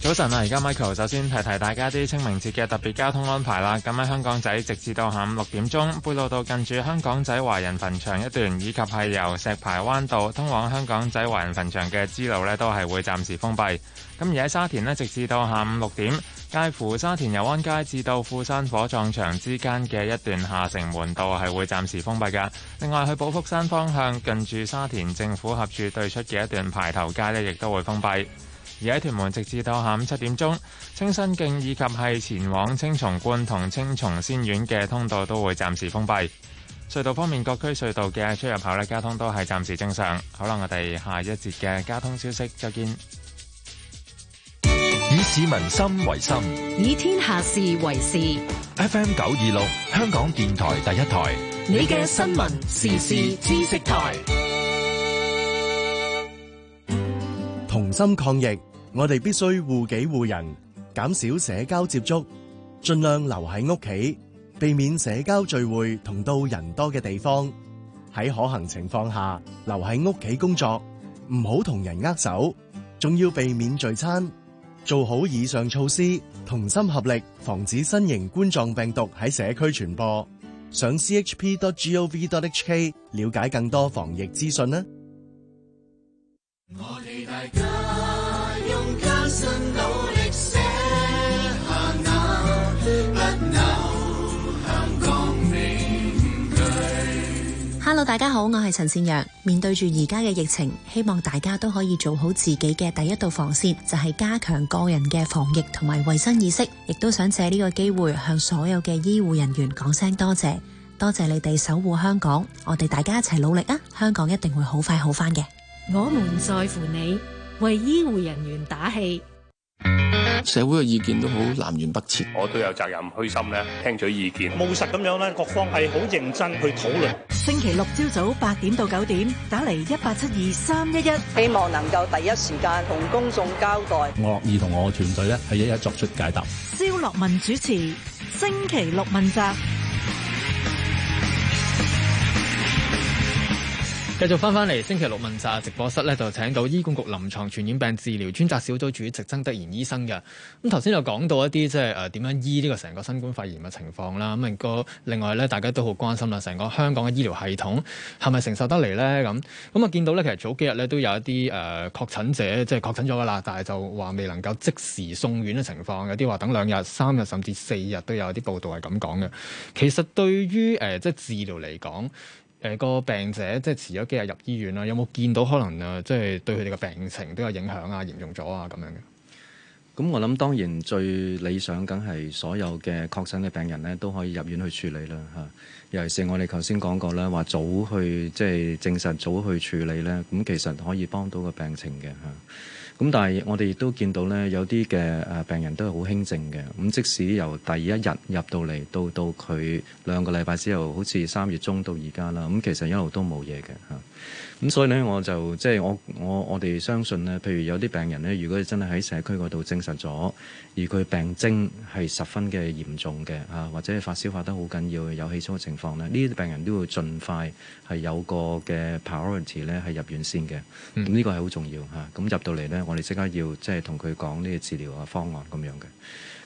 早晨啊！而家 Michael 首先提提大家啲清明節嘅特別交通安排啦。咁喺香港仔，直至到下午六點鐘，貝路道近住香港仔華人墳場一段，以及係由石排灣道通往香港仔華人墳場嘅支路咧，都係會暫時封閉。咁而喺沙田咧，直至到下午六點，介乎沙田油灣街至到富山火葬場之間嘅一段下城門道，係會暫時封閉噶。另外，去寶福山方向，近住沙田政府合署對出嘅一段排頭街咧，亦都會封閉。而喺屯門，直至到下午七點鐘，清新徑以及係前往青松觀同青松仙苑嘅通道都會暫時封閉。隧道方面，各區隧道嘅出入口咧，交通都係暫時正常。好啦，我哋下一節嘅交通消息，再見。以市民心為心，以天下事為事。F M 九二六，香港電台第一台，你嘅新聞時事知識台，同心抗疫。我哋必須護己護人，減少社交接觸，盡量留喺屋企，避免社交聚會同到人多嘅地方。喺可行情況下，留喺屋企工作，唔好同人握手，仲要避免聚餐。做好以上措施，同心合力，防止新型冠狀病毒喺社區傳播。上 chp.gov.hk 了解更多防疫資訊啦！我哋大家。Hello，大家好，我係陳善陽。面對住而家嘅疫情，希望大家都可以做好自己嘅第一道防線，就係加強個人嘅防疫同埋衛生意識。亦都想借呢個機會向所有嘅醫護人員講聲多謝，多謝你哋守護香港。我哋大家一齊努力啊，香港一定會好快好翻嘅。我們在乎你。為醫護人員打氣，社會嘅意見都好南轅北轍。我都有責任虛心咧聽取意見，務實咁樣咧，各方係好認真去討論。星期六朝早八點到九點，打嚟一八七二三一一，希望能夠第一時間同公眾交代。我樂意同我嘅團隊咧係一一作出解答。蕭樂文主持星期六問責。繼續翻返嚟星期六問責直播室咧，就請到醫管局臨床傳染病治療專責小組主席曾德賢醫生嘅。咁頭先就講到一啲即係誒點樣醫呢個成個新冠肺炎嘅情況啦。咁、嗯、個另外咧，大家都好關心啦，成個香港嘅醫療系統係咪承受得嚟咧？咁咁啊，嗯、見到咧，其實早幾日咧都有一啲誒、呃、確診者即係確診咗㗎啦，但係就話未能夠即時送院嘅情況，有啲話等兩日、三日甚至四日都有啲報道係咁講嘅。其實對於誒、呃、即係治療嚟講，誒個病者即係遲咗幾日入醫院啦，有冇見到可能啊？即係對佢哋嘅病情都有影響啊，嚴重咗啊咁樣嘅。咁我諗當然最理想梗係所有嘅確診嘅病人咧都可以入院去處理啦嚇。尤其是我哋頭先講過咧，話早去即係證實早去處理咧，咁其實可以幫到個病情嘅嚇。咁但係我哋亦都見到咧，有啲嘅誒病人都，都係好輕症嘅。咁即使由第一日入到嚟，到到佢兩個禮拜之後，好似三月中到而家啦，咁其實一路都冇嘢嘅吓，咁所以咧，我就即係我我我哋相信咧，譬如有啲病人咧，如果真係喺社區嗰度證實咗，而佢病徵係十分嘅嚴重嘅吓，或者係發燒發得好緊要嘅，有氣粗嘅情況咧，呢啲病人都會盡快係有個嘅 priority 咧，係入院先嘅。咁呢個係好重要吓，咁入到嚟咧。我哋即刻要即係同佢講呢個治療啊方案咁樣嘅。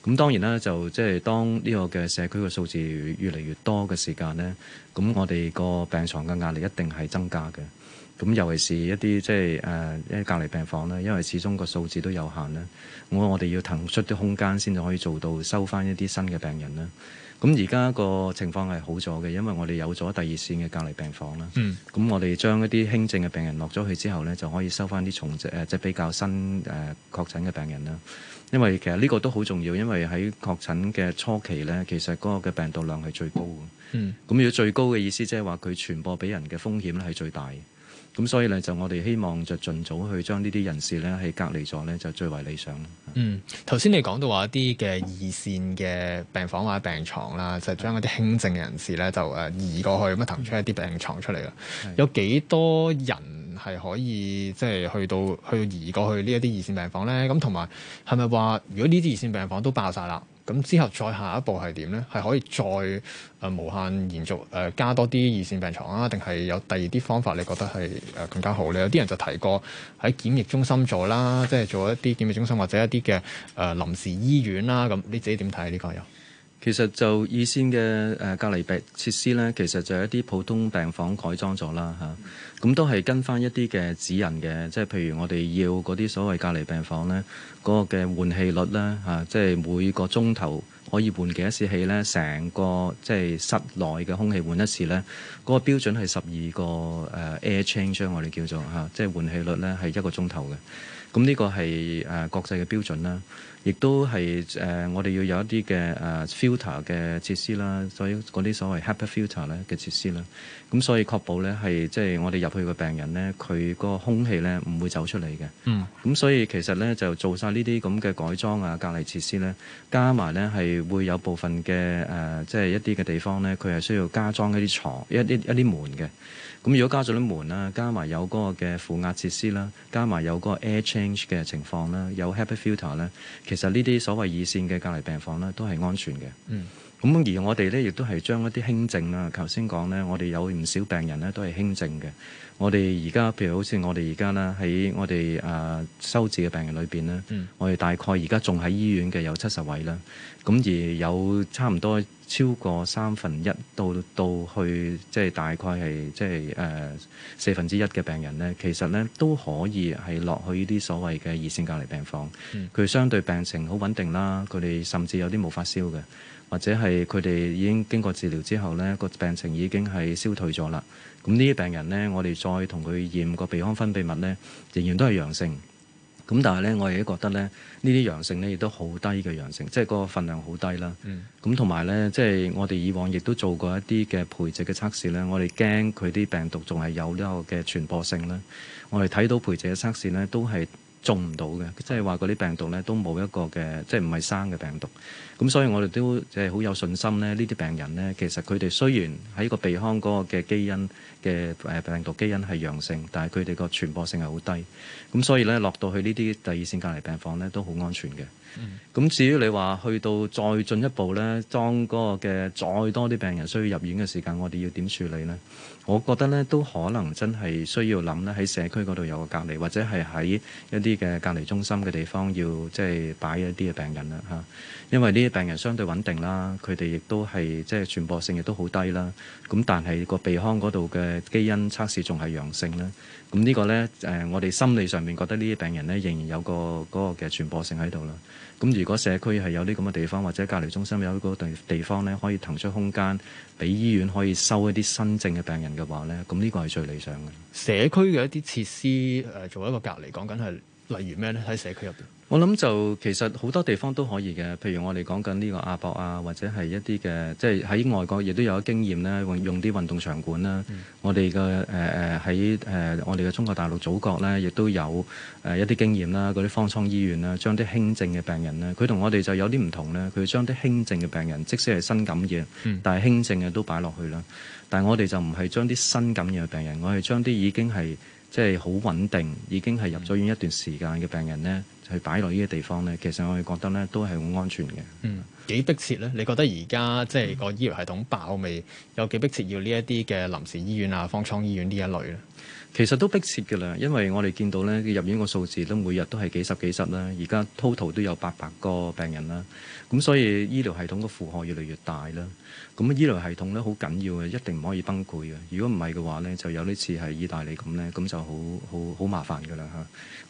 咁當然啦，就即係當呢個嘅社區嘅數字越嚟越多嘅時間咧，咁我哋個病床嘅壓力一定係增加嘅。咁尤其是一啲即係誒隔離病房啦，因為始終個數字都有限啦，我我哋要騰出啲空間先至可以做到收翻一啲新嘅病人啦。咁而家個情況係好咗嘅，因為我哋有咗第二線嘅隔離病房啦。咁、嗯、我哋將一啲輕症嘅病人落咗去之後咧，就可以收翻啲重症即係比較新誒、呃、確診嘅病人啦。因為其實呢個都好重要，因為喺確診嘅初期咧，其實嗰個嘅病毒量係最高嘅。咁如果、嗯、最高嘅意思，即係話佢傳播俾人嘅風險咧係最大。咁所以咧就我哋希望就盡早去將呢啲人士咧喺隔離咗咧就最為理想。嗯，頭先你講到話一啲嘅二線嘅病房或者病床啦，就將、係、一啲輕症嘅人士咧就誒移過去，咁啊騰出一啲病床出嚟啦。嗯、有幾多人係可以即係、就係、去到去移過去呢一啲二線病房咧？咁同埋係咪話如果呢啲二線病房都爆晒啦？咁之後再下一步係點咧？係可以再誒、呃、無限延續誒、呃、加多啲二線病床啊，定係有第二啲方法？你覺得係誒、呃、更加好咧？有啲人就提過喺檢疫中心做啦，即係做一啲檢疫中心或者一啲嘅誒臨時醫院啦。咁你自己點睇呢個又？其實就以前嘅誒隔離病設施咧，其實就一啲普通病房改裝咗啦嚇，咁、啊、都係跟翻一啲嘅指引嘅，即係譬如我哋要嗰啲所謂隔離病房咧，嗰、那個嘅換氣率咧嚇，即、啊、係、就是、每個鐘頭可以換幾多次氣咧，成個即係、就是、室內嘅空氣換一次咧，嗰、那個標準係十二個誒、啊、Air Change，我哋叫做嚇，即係換氣率咧係一個鐘頭嘅，咁呢個係誒、啊、國際嘅標準啦。亦都係誒、呃，我哋要有一啲嘅誒、呃、filter 嘅設施啦，所以嗰啲所謂 HEPA filter 咧嘅設施啦，咁所以確保咧係即係我哋入去嘅病人咧，佢個空氣咧唔會走出嚟嘅。嗯，咁所以其實咧就做晒呢啲咁嘅改裝啊，隔離設施咧，加埋咧係會有部分嘅誒，即、呃、係、就是、一啲嘅地方咧，佢係需要加裝一啲床、一啲一啲門嘅。咁如果加咗啲門啦，加埋有嗰個嘅負壓設施啦，加埋有嗰個 air change 嘅情況啦，有 HEPA filter 咧，其實呢啲所謂二線嘅隔離病房咧都係安全嘅。嗯，咁而我哋咧亦都係將一啲輕症啦，頭先講咧，我哋有唔少病人咧都係輕症嘅。我哋而家譬如好似我哋而家啦，喺我哋誒、呃、收治嘅病人裏邊咧，嗯、我哋大概而家仲喺醫院嘅有七十位啦。咁而有差唔多超過三分一到到去，即係大概係即係誒四分之一嘅病人咧，其實咧都可以係落去呢啲所謂嘅二綫隔離病房。佢、嗯、相對病情好穩定啦，佢哋甚至有啲冇發燒嘅，或者係佢哋已經經過治療之後咧，個病情已經係消退咗啦。咁呢啲病人咧，我哋再同佢驗個鼻腔分泌物咧，仍然都係陽性。咁但係咧，我哋都覺得咧，呢啲陽性咧亦都好低嘅陽性，即係個分量好低啦。咁同埋咧，即係我哋以往亦都做過一啲嘅培植嘅測試咧，我哋驚佢啲病毒仲係有呢個嘅傳播性啦。我哋睇到培植嘅測試咧，都係，中唔到嘅、就是，即係話嗰啲病毒咧都冇一個嘅，即係唔係生嘅病毒。咁所以我哋都即係好有信心咧，呢啲病人咧其實佢哋雖然喺個鼻腔嗰個嘅基因嘅誒病毒基因係陽性，但係佢哋個傳播性係好低。咁所以咧落到去呢啲第二線隔離病房咧都好安全嘅。咁、嗯、至於你話去到再進一步呢，當嗰個嘅再多啲病人需要入院嘅時間，我哋要點處理呢？我覺得呢都可能真係需要諗呢：喺社區嗰度有個隔離，或者係喺一啲嘅隔離中心嘅地方要即係、就是、擺一啲嘅病人啦嚇、啊，因為呢啲病人相對穩定啦，佢哋亦都係即係傳播性亦都好低啦。咁但係個鼻腔嗰度嘅基因測試仲係陽性啦。咁呢個呢，誒、呃，我哋心理上面覺得呢啲病人呢，仍然有個嗰、嗰個嘅傳播性喺度啦。咁如果社區係有啲咁嘅地方，或者隔離中心有個地地方呢，可以騰出空間俾醫院可以收一啲新症嘅病人嘅話呢，咁、呢、呢個係最理想嘅。社區嘅一啲設施誒，作、呃、為一個隔離，講緊係例如咩呢？喺社區入邊。我諗就其實好多地方都可以嘅，譬如我哋講緊呢個亞博啊，或者係一啲嘅，即係喺外國亦都有經驗咧。用用啲運動場館啦、嗯呃呃，我哋嘅誒誒喺誒我哋嘅中國大陸祖國咧，亦都有誒、呃、一啲經驗啦。嗰啲方艙醫院啦，將啲輕症嘅病人咧，佢同我哋就有啲唔同咧。佢將啲輕症嘅病人，即使係新感染，嗯、但係輕症嘅都擺落去啦。但係我哋就唔係將啲新感染嘅病人，我係將啲已經係即係好穩定，已經係入咗院一段時間嘅病人咧。去擺落呢個地方咧，其實我哋覺得咧都係好安全嘅。嗯，幾迫切咧？你覺得而家即係個、嗯、醫療系統爆未，有幾迫切要呢一啲嘅臨時醫院啊、方艙醫院呢一類咧？其實都迫切嘅啦，因為我哋見到咧入院個數字都每日都係幾十幾十啦，而家 total 都有八百個病人啦，咁所以醫療系統嘅負荷越嚟越大啦。咁啊，醫療系統咧好緊要嘅，一定唔可以崩潰嘅。如果唔係嘅話咧，就有啲似係意大利咁咧，咁就好好好麻煩㗎啦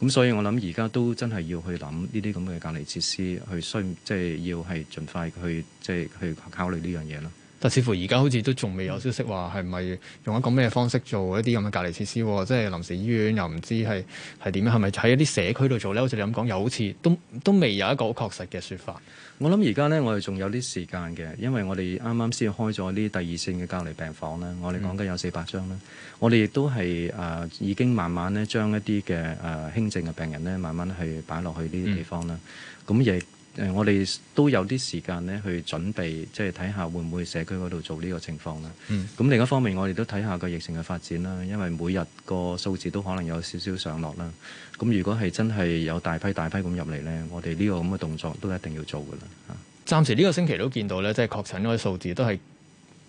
嚇。咁所以我諗而家都真係要去諗呢啲咁嘅隔離設施，去需即係要係盡快去即係去考慮呢樣嘢囉。似乎而家好似都仲未有消息話係咪用一個咩方式做一啲咁嘅隔離設施，即係臨時醫院又唔知係係點樣，係咪喺一啲社區度做咧？好似你咁講，又好似都都未有一個好確實嘅説法。我諗而家咧，我哋仲有啲時間嘅，因為我哋啱啱先開咗啲第二線嘅隔離病房啦，我哋講緊有四百張啦，嗯、我哋亦都係誒已經慢慢咧將一啲嘅誒輕症嘅病人咧，慢慢去擺落去呢啲地方啦。咁亦、嗯誒，我哋都有啲時間咧，去準備即係睇下會唔會社區嗰度做呢個情況啦。咁、嗯、另一方面，我哋都睇下個疫情嘅發展啦，因為每日個數字都可能有少少上落啦。咁如果係真係有大批大批咁入嚟咧，我哋呢個咁嘅動作都一定要做㗎啦。暫時呢個星期都見到咧，即係確診嗰啲數字都係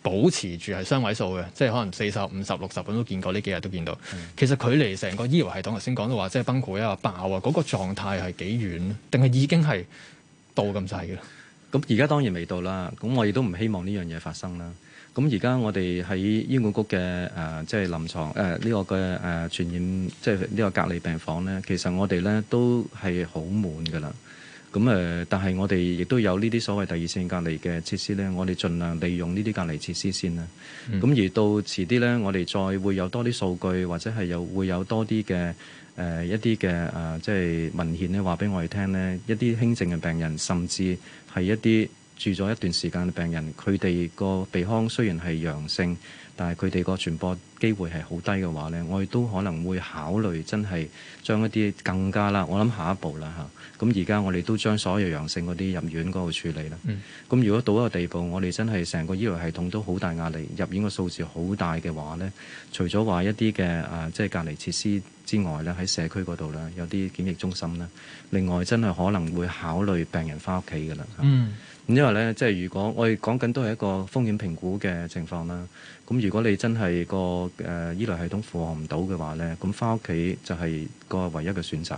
保持住係雙位數嘅，即係可能四十、五十、六十，我都見過呢幾日都見到。嗯、其實距離成個醫療系統頭先講到話即係崩潰啊、爆啊，嗰個狀態係幾遠？定係已經係？到咁滯嘅，咁而家當然未到啦。咁我亦都唔希望呢樣嘢發生啦。咁而家我哋喺醫管局嘅誒，即係臨床，誒呢個嘅誒傳染，即係呢個隔離病房咧，其實我哋咧都係好滿㗎啦。咁誒、嗯，但係我哋亦都有呢啲所謂第二線隔離嘅設施咧，我哋盡量利用呢啲隔離設施先啦。咁、嗯、而到遲啲咧，我哋再會有多啲數據，或者係有會有多啲嘅誒一啲嘅誒，即係文獻咧話俾我哋聽咧，一啲、呃就是、輕症嘅病人，甚至係一啲，住咗一段時間嘅病人，佢哋個鼻腔雖然係陽性，但係佢哋個傳播機會係好低嘅話咧，我哋都可能會考慮真係將一啲更加啦。我諗下一步啦嚇。咁而家我哋都將所有陽性嗰啲入院嗰度處理啦。咁、嗯、如果到一個地步，我哋真係成個醫療系統都好大壓力，入院嘅數字好大嘅話咧，除咗話一啲嘅誒，即、呃、係、就是、隔離設施之外咧，喺社區嗰度咧，有啲檢疫中心啦。另外真係可能會考慮病人翻屋企㗎啦。嗯。因為咧，即係如果我哋講緊都係一個風險評估嘅情況啦。咁如果你真係、個誒、呃、醫療系統負荷唔到嘅話咧，咁返屋企就係個唯一嘅選擇。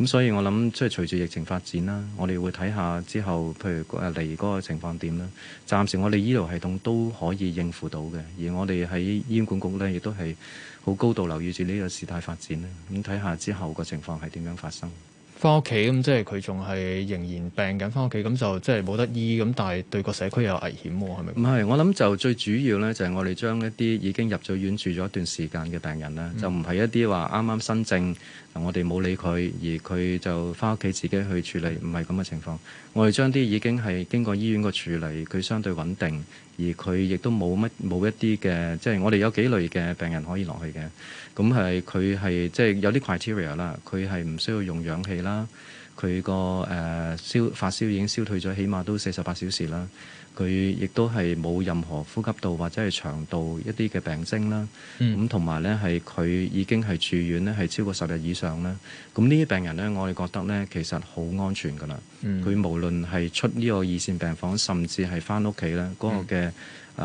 咁所以我諗即係隨住疫情發展啦，我哋會睇下之後，譬如誒嚟嗰個情況點啦。暫時我哋醫療系統都可以應付到嘅，而我哋喺醫管局咧亦都係好高度留意住呢個事態發展啦。咁睇下之後個情況係點樣發生。翻屋企咁，即係佢仲係仍然病緊，翻屋企咁就即係冇得醫，咁但係對個社區有危險喎，係咪？唔係，我諗就最主要呢，就係、是、我哋將一啲已經入咗院住咗一段時間嘅病人咧，嗯、就唔係一啲話啱啱新症，我哋冇理佢，而佢就翻屋企自己去處理，唔係咁嘅情況。嗯、我哋將啲已經係經過醫院個處理，佢相對穩定，而佢亦都冇乜冇一啲嘅，即、就、係、是、我哋有幾類嘅病人可以落去嘅。咁係佢係即係有啲 criteria 啦，佢係唔需要用氧氣啦，佢個誒燒發燒已經消退咗，起碼都四十八小時啦。佢亦都係冇任何呼吸道或者係腸道一啲嘅病徵啦。咁同埋咧，係佢已經係住院咧，係超過十日以上啦。咁呢啲病人咧，我哋覺得咧，其實好安全㗎喇。佢、嗯、無論係出呢個二線病房，甚至係返屋企咧，嗰、嗰個嘅誒、嗯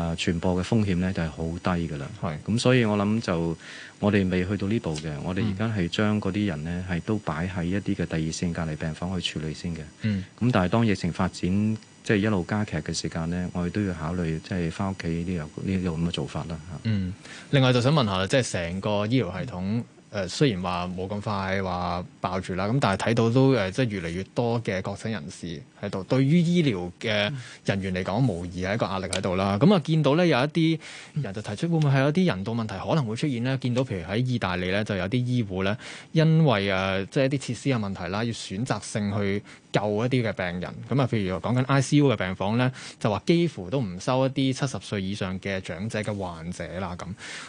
呃、傳播嘅風險咧，就係好低㗎喇。係咁，所以我諗就我哋未去到呢步嘅，我哋而家係將嗰啲人咧係都擺喺一啲嘅第二線隔離病房去處理先嘅、嗯。嗯。咁、嗯、但係當疫情發展。即係一路加劇嘅時間咧，我哋都要考慮，即係返屋企呢樣個咁嘅做法啦嚇。嗯，另外就想問下啦，即係成個醫療系統。誒雖然話冇咁快話爆住啦，咁但係睇到都誒、呃，即係越嚟越多嘅確診人士喺度。對於醫療嘅人員嚟講，無疑係一個壓力喺度啦。咁啊，見到咧有一啲人就提出，會唔會係有啲人道問題可能會出現咧？見到譬如喺意大利咧，就有啲醫護咧，因為誒、呃、即係一啲設施嘅問題啦，要選擇性去救一啲嘅病人。咁啊，譬如講緊 ICU 嘅病房咧，就話幾乎都唔收一啲七十歲以上嘅長者嘅患者啦。咁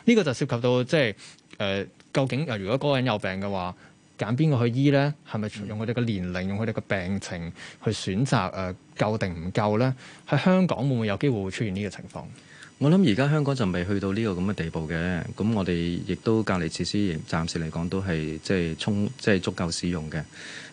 呢個就涉及到即係。誒、呃，究竟誒，如果嗰個人有病嘅話，揀邊個去醫咧？係咪用佢哋嘅年齡、用佢哋嘅病情去選擇誒、呃、夠定唔夠救定唔救咧？喺香港會唔會有機會會出現呢個情況？我諗而家香港就未去到呢個咁嘅地步嘅，咁我哋亦都隔離設施，暫時嚟講都係即係充即係足夠使用嘅。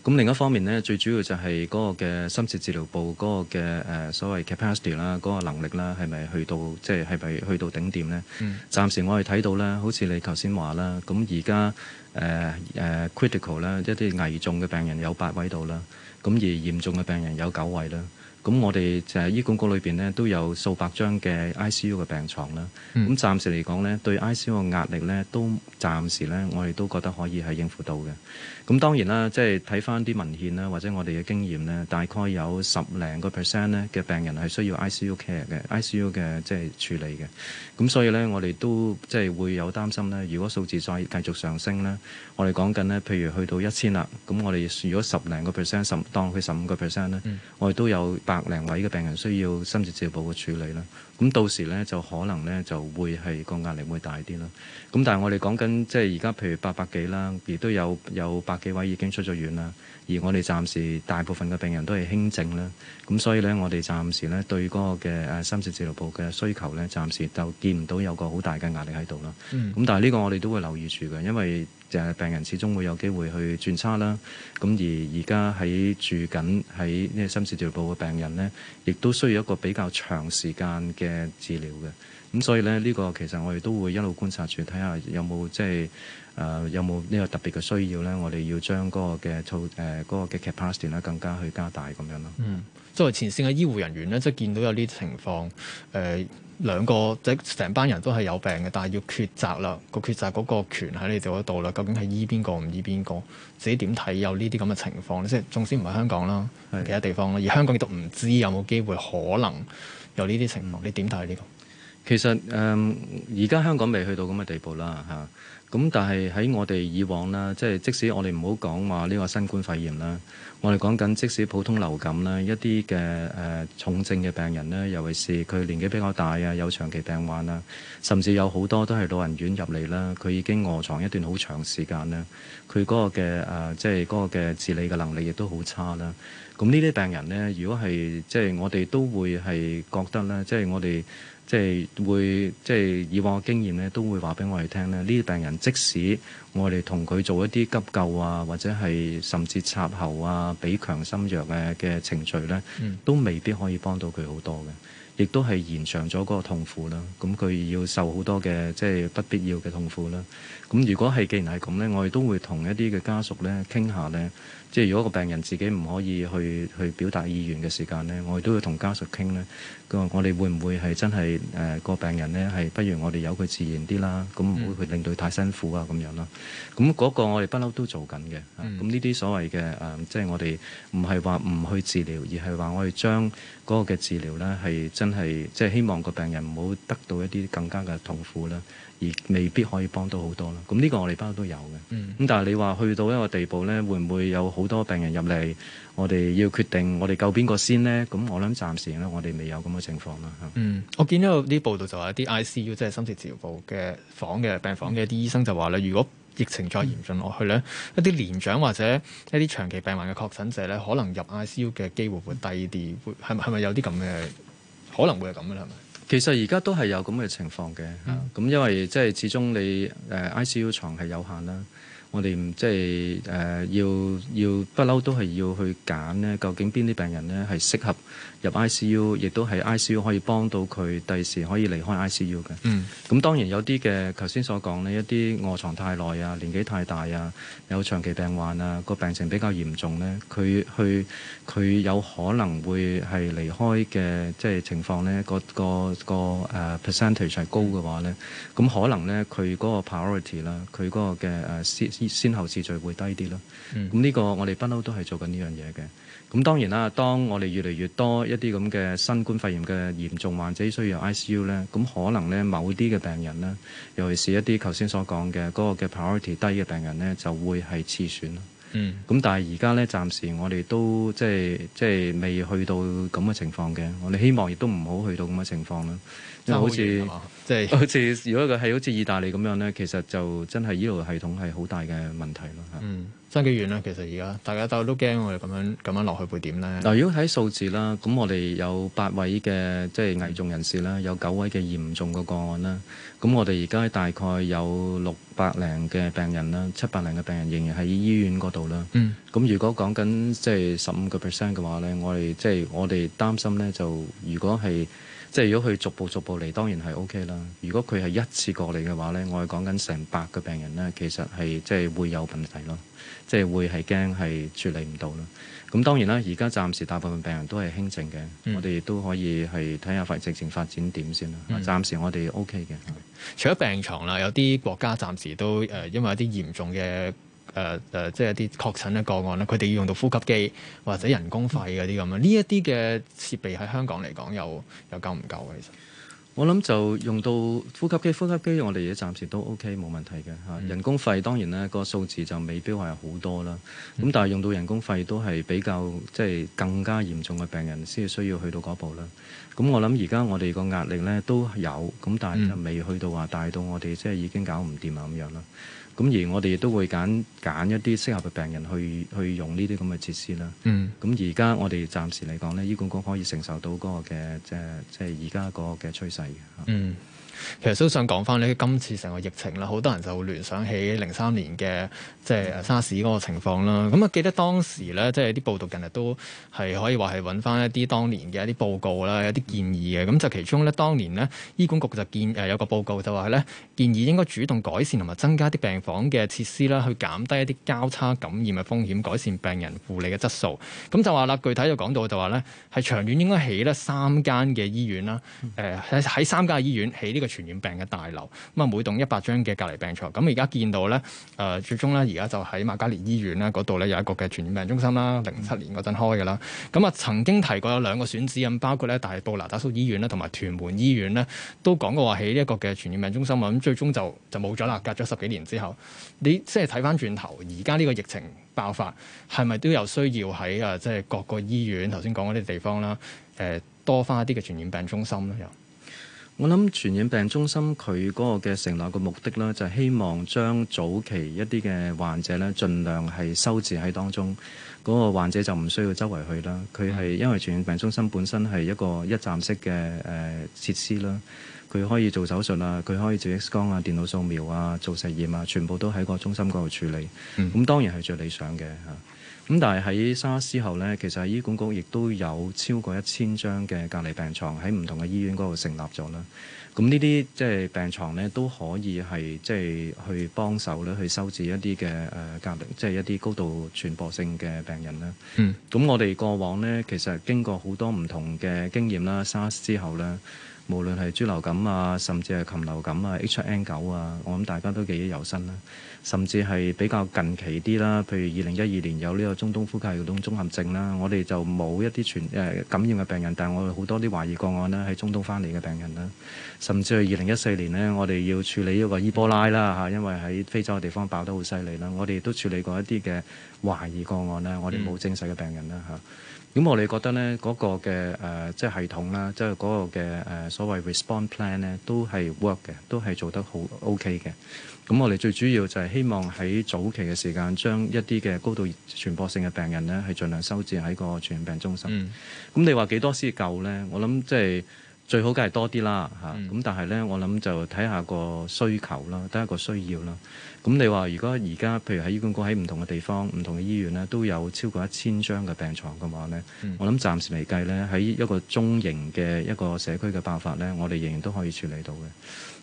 咁另一方面咧，最主要就係嗰個嘅深切治療部嗰個嘅誒所謂 capacity 啦，嗰個能力啦，係咪去到即係係咪去到頂點咧？嗯。暫時我哋睇到啦，好似你頭先話啦，咁而家誒誒 critical 啦，一啲危重嘅病人有八位度啦，咁而嚴重嘅病人有九位啦。咁我哋就係醫管局裏邊咧都有數百張嘅 ICU 嘅病床啦。咁、嗯、暫時嚟講咧，對 ICU 嘅壓力咧都暫時咧，我哋都覺得可以係應付到嘅。咁當然啦，即係睇返啲文獻啦，或者我哋嘅經驗咧，大概有十零個 percent 咧嘅病人係需要 ICU care 嘅，ICU 嘅即係處理嘅。咁所以咧，我哋都即係會有擔心咧。如果數字再繼續上升咧，我哋講緊咧，譬如去到一千啦，咁我哋如果十零個 percent 十當佢十五個 percent 咧，嗯、我哋都有，百零位嘅病人需要深切治療部嘅處理啦，咁到時咧就可能咧就會係個壓力會大啲啦。咁但係我哋講緊即係而家，譬如八百幾啦，亦都有有百幾位已經出咗院啦。而我哋暫時大部分嘅病人都係輕症啦，咁所以咧，我哋暫時咧對嗰個嘅誒深切治療部嘅需求咧，暫時就見唔到有個好大嘅壓力喺度啦。咁、嗯、但係呢個我哋都會留意住嘅，因為誒病人始終會有機會去轉差啦。咁、啊、而而家喺住緊喺呢個深切治療部嘅病人咧，亦都需要一個比較長時間嘅治療嘅。咁所以咧，呢個其實我哋都會一路觀察住，睇下有冇即係。誒、呃、有冇呢個特別嘅需要咧？我哋要將嗰個嘅措誒嗰個嘅 capacity 咧，更加去加大咁樣咯。嗯，作為前線嘅醫護人員咧，即係見到有呢啲情況，誒、呃、兩個即成班人都係有病嘅，但係要抉擇啦。個抉擇嗰個權喺你哋嗰度啦。究竟係醫邊個唔醫邊個？自己點睇有呢啲咁嘅情況咧？即係縱使唔係香港啦，是其他地方啦，而香港亦都唔知有冇機會可能有呢啲情況。嗯、你點睇呢個？其實誒，而、呃、家香港未去到咁嘅地步啦，嚇、啊。咁但係喺我哋以往啦，即係即使我哋唔好講話呢個新冠肺炎啦，我哋講緊即使普通流感啦，一啲嘅誒重症嘅病人咧，尤其是佢年紀比較大啊，有長期病患啊，甚至有好多都係老人院入嚟啦，佢已經卧牀一段好長時間啦，佢嗰個嘅誒即係嗰個嘅治理嘅能力亦都好差啦。咁呢啲病人咧，如果係即係我哋都會係覺得咧，即係我哋。即係會，即係以往嘅經驗咧，都會話俾我哋聽咧。呢啲病人即使我哋同佢做一啲急救啊，或者係甚至插喉啊，俾強心藥嘅嘅程序咧，都未必可以幫到佢好多嘅，亦都係延長咗嗰個痛苦啦。咁佢要受好多嘅即係不必要嘅痛苦啦。咁如果係既然係咁咧，我哋都會同一啲嘅家屬咧傾下咧。即係如果個病人自己唔可以去去表達意願嘅時間咧，我哋都要同家屬傾咧。佢話我哋會唔會係真係誒個病人咧係不如我哋由佢自然啲啦，咁唔好去令到佢太辛苦啊咁樣啦。咁嗰個我哋不嬲都做緊嘅。咁呢啲所謂嘅誒、呃，即係我哋唔係話唔去治療，而係話我哋將嗰個嘅治療咧係真係即係希望個病人唔好得到一啲更加嘅痛苦啦。未必可以幫到好多啦。咁、這、呢個我哋包都有嘅。咁、嗯、但係你話去到一個地步咧，會唔會有好多病人入嚟？我哋要決定我哋救邊個先呢？咁我諗暫時咧，我哋未有咁嘅情況啦。嗯，我見到啲報道就話一啲 I C U 即係深切治療部嘅房嘅病房嘅啲醫生就話咧，如果疫情再嚴峻落去咧，嗯、一啲年長或者一啲長期病患嘅確診者咧，可能入 I C U 嘅機會會低啲。會係係咪有啲咁嘅可能會係咁嘅咧？係咪？其實而家都係有咁嘅情況嘅，咁、嗯、因為即係始終你誒 ICU 床係有限啦。我哋唔即係誒要要不嬲都係要去揀咧，究竟邊啲病人咧係適合入 I C U，亦都係 I C U 可以幫到佢第時可以離開 I C U 嘅。嗯。咁、嗯、當然有啲嘅，頭先所講咧，一啲臥床太耐啊，年紀太大啊，有長期病患啊，個病情比較嚴重咧，佢去佢有可能會係離開嘅，即係情況咧，個個、個、那個誒 percentage 係高嘅話咧，咁可能咧佢嗰個 priority 啦，佢、嗰、嗰個嘅誒。先後次序會低啲咯，咁呢、嗯、個我哋不嬲都係做緊呢樣嘢嘅。咁當然啦，當我哋越嚟越多一啲咁嘅新冠肺炎嘅嚴重患者需要 ICU 咧，咁可能咧某啲嘅病人咧，尤其是一啲頭先所講嘅嗰個嘅 priority 低嘅病人咧，就會係次選。嗯，咁但係而家咧暫時我哋都即係即係未去到咁嘅情況嘅，我哋希望亦都唔好去到咁嘅情況啦。即好似，即係好似如果佢係好似意大利咁樣咧，其實就真係呢度系統係好大嘅問題咯嚇。嗯，爭幾遠啦，其實而家大家都都驚我哋，咁樣咁樣落去會點咧？嗱，如果睇數字啦，咁我哋有八位嘅即係危重人士啦，有九位嘅嚴重個個案啦。咁我哋而家大概有六百零嘅病人啦，七百零嘅病人仍然喺醫院嗰度啦。嗯。咁如果講緊即係十五個 percent 嘅話咧，我哋即係我哋擔心咧，就如果係。即係如果佢逐步逐步嚟，當然係 OK 啦。如果佢係一次過嚟嘅話咧，我係講緊成百個病人咧，其實係即係會有問題咯，即係會係驚係處理唔到啦。咁當然啦，而家暫時大部分病人都係輕症嘅，嗯、我哋都可以係睇下發疫情發展點先啦。暫時我哋 OK 嘅。除咗病床啦，有啲國家暫時都誒，因為一啲嚴重嘅。誒誒、呃呃，即係一啲確診嘅個案啦，佢哋要用到呼吸機或者人工肺嗰啲咁啊，呢一啲嘅設備喺香港嚟講，又有夠唔夠嘅？其實夠夠我諗就用到呼吸機，呼吸機我哋而家暫時都 OK 冇問題嘅嚇。人工肺當然咧，個數字就未必係好多啦，咁但係用到人工肺都係比較即係更加嚴重嘅病人先需要去到嗰步啦。咁我諗而家我哋個壓力咧都有，咁但係就未去到話大到我哋即係已經搞唔掂啊咁樣啦。咁而我哋亦都會揀揀一啲適合嘅病人去去用呢啲咁嘅設施啦。咁、嗯、而家我哋暫時嚟講咧，醫管局可以承受到嗰個嘅即係即係而家嗰個嘅趨勢嘅。嗯其實都想講翻咧，今次成個疫情啦，好多人就聯想起零三年嘅即係沙士嗰個情況啦。咁啊、嗯，記得當時咧，即係啲報道近日都係可以話係揾翻一啲當年嘅一啲報告啦，有一啲建議嘅。咁就其中咧，當年呢，醫管局就建誒、呃、有個報告就話咧，建議應該主動改善同埋增加啲病房嘅設施啦，去減低一啲交叉感染嘅風險，改善病人護理嘅質素。咁就話啦，具體就講到就話咧，係長遠應該起咧三間嘅醫院啦。誒、呃、喺三間醫院起呢、呢個。傳染病嘅大樓，咁啊，每棟一百張嘅隔離病床。咁而家見到咧，誒、呃、最終咧而家就喺瑪加烈醫院咧嗰度咧有一個嘅傳染病中心啦，零七年嗰陣開嘅啦。咁啊、嗯嗯、曾經提過有兩個選址，包括咧大埔那打素醫院咧同埋屯門醫院咧，都講過話喺呢一個嘅傳染病中心啊。咁最終就就冇咗啦。隔咗十幾年之後，你即係睇返轉頭，而家呢個疫情爆發，係咪都有需要喺誒即係各個醫院頭先講嗰啲地方啦？誒、呃、多返一啲嘅傳染病中心咧我諗傳染病中心佢嗰個嘅成立個目的咧，就係希望將早期一啲嘅患者咧，盡量係收治喺當中，嗰個患者就唔需要周圍去啦。佢係因為傳染病中心本身係一個一站式嘅誒設施啦。佢可以做手術啊，佢可以做 X 光啊、電腦掃描啊、做實驗啊，全部都喺個中心嗰度處理。咁、嗯、當然係最理想嘅嚇。咁但係喺 SARS 之後咧，其實喺醫管局亦都有超過一千張嘅隔離病床喺唔同嘅醫院嗰度成立咗啦。咁呢啲即係病床咧都可以係即係去幫手咧去收治一啲嘅誒隔離，即、就、係、是、一啲高度傳播性嘅病人啦。咁、嗯、我哋過往咧其實經過好多唔同嘅經驗啦，SARS、嗯、之後咧。無論係豬流感啊，甚至係禽流感啊，H N 九啊，我諗大家都記憶猶新啦。甚至係比較近期啲啦，譬如二零一二年有呢個中東呼吸道綜合症啦，我哋就冇一啲傳誒感染嘅病人，但係我哋好多啲懷疑個案啦，喺中東翻嚟嘅病人啦。甚至係二零一四年呢，我哋要處理一個伊波拉啦嚇，因為喺非洲嘅地方爆得好犀利啦。我哋都處理過一啲嘅懷疑個案啦，我哋冇證實嘅病人啦嚇。嗯嗯咁我哋覺得咧，嗰、那個嘅誒、呃、即係系統啦，即係嗰個嘅誒所謂 respond plan 咧，都係 work 嘅，都係做得好 OK 嘅。咁我哋最主要就係希望喺早期嘅時間，將一啲嘅高度傳播性嘅病人咧，係盡量收治喺個傳染病中心。咁、嗯、你話幾多先夠咧？我諗即係最好梗係多啲啦嚇。咁、嗯、但係咧，我諗就睇下個需求啦，得一個需要啦。咁你話如果而家譬如喺醫管局喺唔同嘅地方、唔同嘅醫院咧，都有超過一千張嘅病床嘅話咧，嗯、我諗暫時嚟計咧，喺一個中型嘅一個社區嘅爆發咧，我哋仍然都可以處理到嘅。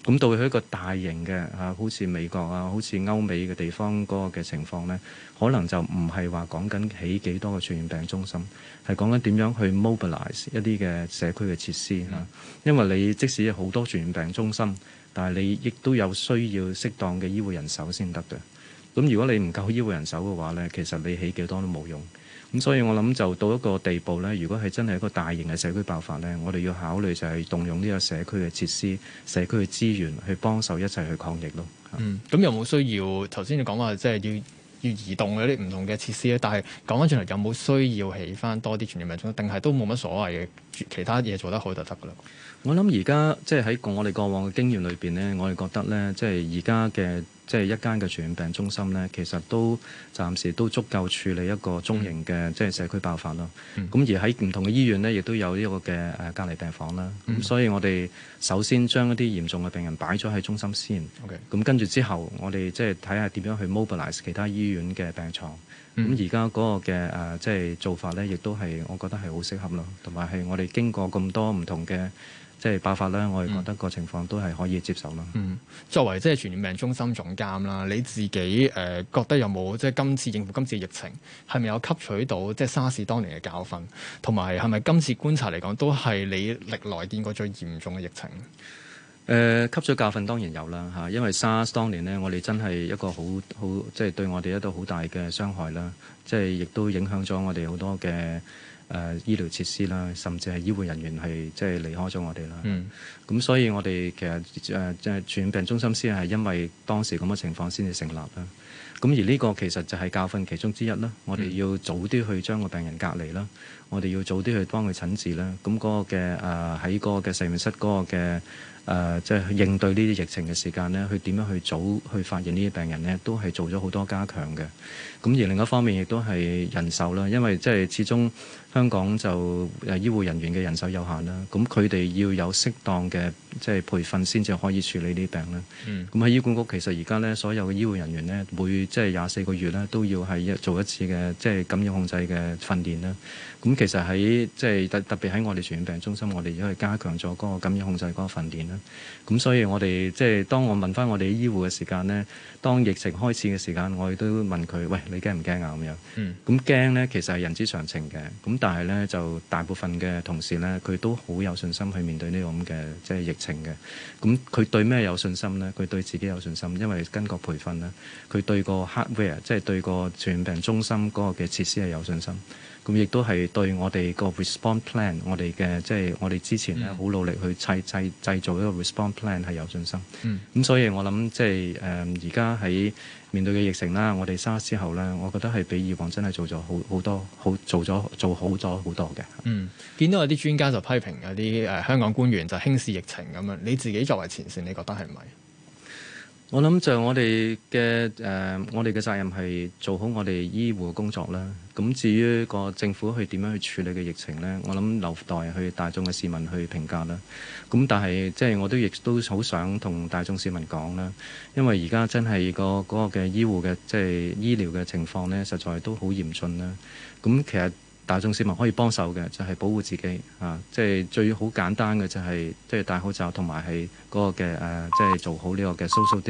咁到去一個大型嘅嚇，好似美國啊、好似歐美嘅地方嗰個嘅情況咧，可能就唔係話講緊起幾多個傳染病中心，係講緊點樣去 mobilize 一啲嘅社區嘅設施嚇。嗯、因為你即使有好多傳染病中心。但係你亦都有需要適當嘅醫護人手先得嘅。咁如果你唔夠醫護人手嘅話咧，其實你起幾多都冇用。咁所以我諗就到一個地步咧，如果係真係一個大型嘅社區爆發咧，我哋要考慮就係動用呢個社區嘅設施、社區嘅資源去幫手一齊去抗疫咯。嗯，咁有冇需要？頭先你講話，即係要。要移動嗰啲唔同嘅設施咧，但係講翻轉嚟，有冇需要起翻多啲傳染病中心，定係都冇乜所謂嘅其他嘢做得好就得㗎啦？我諗而家即係喺我哋過往嘅經驗裏邊咧，我哋覺得咧，即係而家嘅。即係一間嘅傳染病中心咧，其實都暫時都足夠處理一個中型嘅、嗯、即係社區爆發咯。咁、嗯、而喺唔同嘅醫院咧，亦都有呢個嘅誒、呃、隔離病房啦。咁、嗯、所以我哋首先將一啲嚴重嘅病人擺咗喺中心先。OK，咁跟住之後，我哋即係睇下點樣去 mobilize 其他醫院嘅病床。咁而家嗰個嘅誒、呃、即係做法咧，亦都係我覺得係好適合咯。同埋係我哋經過咁多唔同嘅。即係爆發啦，我哋覺得個情況、嗯、都係可以接受啦。嗯，作為即係傳染病中心總監啦，你自己誒、呃、覺得有冇即係今次應付今次疫情係咪有吸取到即係沙士當年嘅教訓，同埋係咪今次觀察嚟講都係你歷來見過最嚴重嘅疫情？誒、呃，吸取教訓當然有啦嚇，因為沙士當年咧，我哋真係一個好好即係對我哋一個好大嘅傷害啦，即係亦都影響咗我哋好多嘅。誒、呃、醫療設施啦，甚至係醫護人員係即係離開咗我哋啦。咁、嗯、所以我哋其實誒即係傳染病中心先係因為當時咁嘅情況先至成立啦。咁而呢個其實就係教訓其中之一啦。我哋要早啲去將個病人隔離啦，我哋要早啲去幫佢診治啦。咁嗰個嘅誒喺嗰個嘅實驗室嗰個嘅。誒，即係、呃就是、應對呢啲疫情嘅時間咧，去點樣去早去發現呢啲病人咧，都係做咗好多加強嘅。咁而另一方面亦都係人手啦，因為即係始終香港就誒醫護人員嘅人手有限啦。咁佢哋要有適當嘅即係培訓先至可以處理呢啲病啦。咁喺、嗯、醫管局，其實而家咧所有嘅醫護人員咧，每即係廿四個月咧都要係做一次嘅即係感染控制嘅訓練啦。咁其實喺即係特特別喺我哋傳染病中心，我哋而家係加強咗嗰個感染控制嗰個訓練啦。咁、嗯、所以我，我哋即係當我問翻我哋醫護嘅時間呢，當疫情開始嘅時間，我亦都問佢：喂，你驚唔驚啊？咁樣，咁驚、嗯、呢，其實係人之常情嘅。咁但係呢，就大部分嘅同事呢，佢都好有信心去面對呢個咁嘅即係疫情嘅。咁佢對咩有信心呢？佢對自己有信心，因為經過培訓呢，佢對個 hardware，即係對個傳染病中心嗰個嘅設施係有信心。咁亦都係對我哋個 response plan，我哋嘅即係我哋之前咧，好努力去製製製造一個 response plan 係有信心。咁、嗯嗯、所以我、呃在在，我諗即係誒而家喺面對嘅疫情啦，我哋沙士之後咧，我覺得係比以往真係做咗好好多，好做咗做好咗好多嘅。嗯，見到有啲專家就批評有啲誒、呃、香港官員就輕視疫情咁樣，你自己作為前線，你覺得係唔係？我諗就我哋嘅誒，我哋嘅責任係做好我哋醫護嘅工作啦。咁至於個政府去點樣去處理嘅疫情呢？我諗留待去大眾嘅市民去評價啦。咁但係即係我都亦都好想同大眾市民講啦，因為而家真係個嗰個嘅醫護嘅即係醫療嘅情況呢，實在都好嚴峻啦。咁其實大眾市民可以幫手嘅就係保護自己嚇，即係最好簡單嘅就係即係戴口罩同埋係嗰個嘅誒，即係做好呢個嘅 social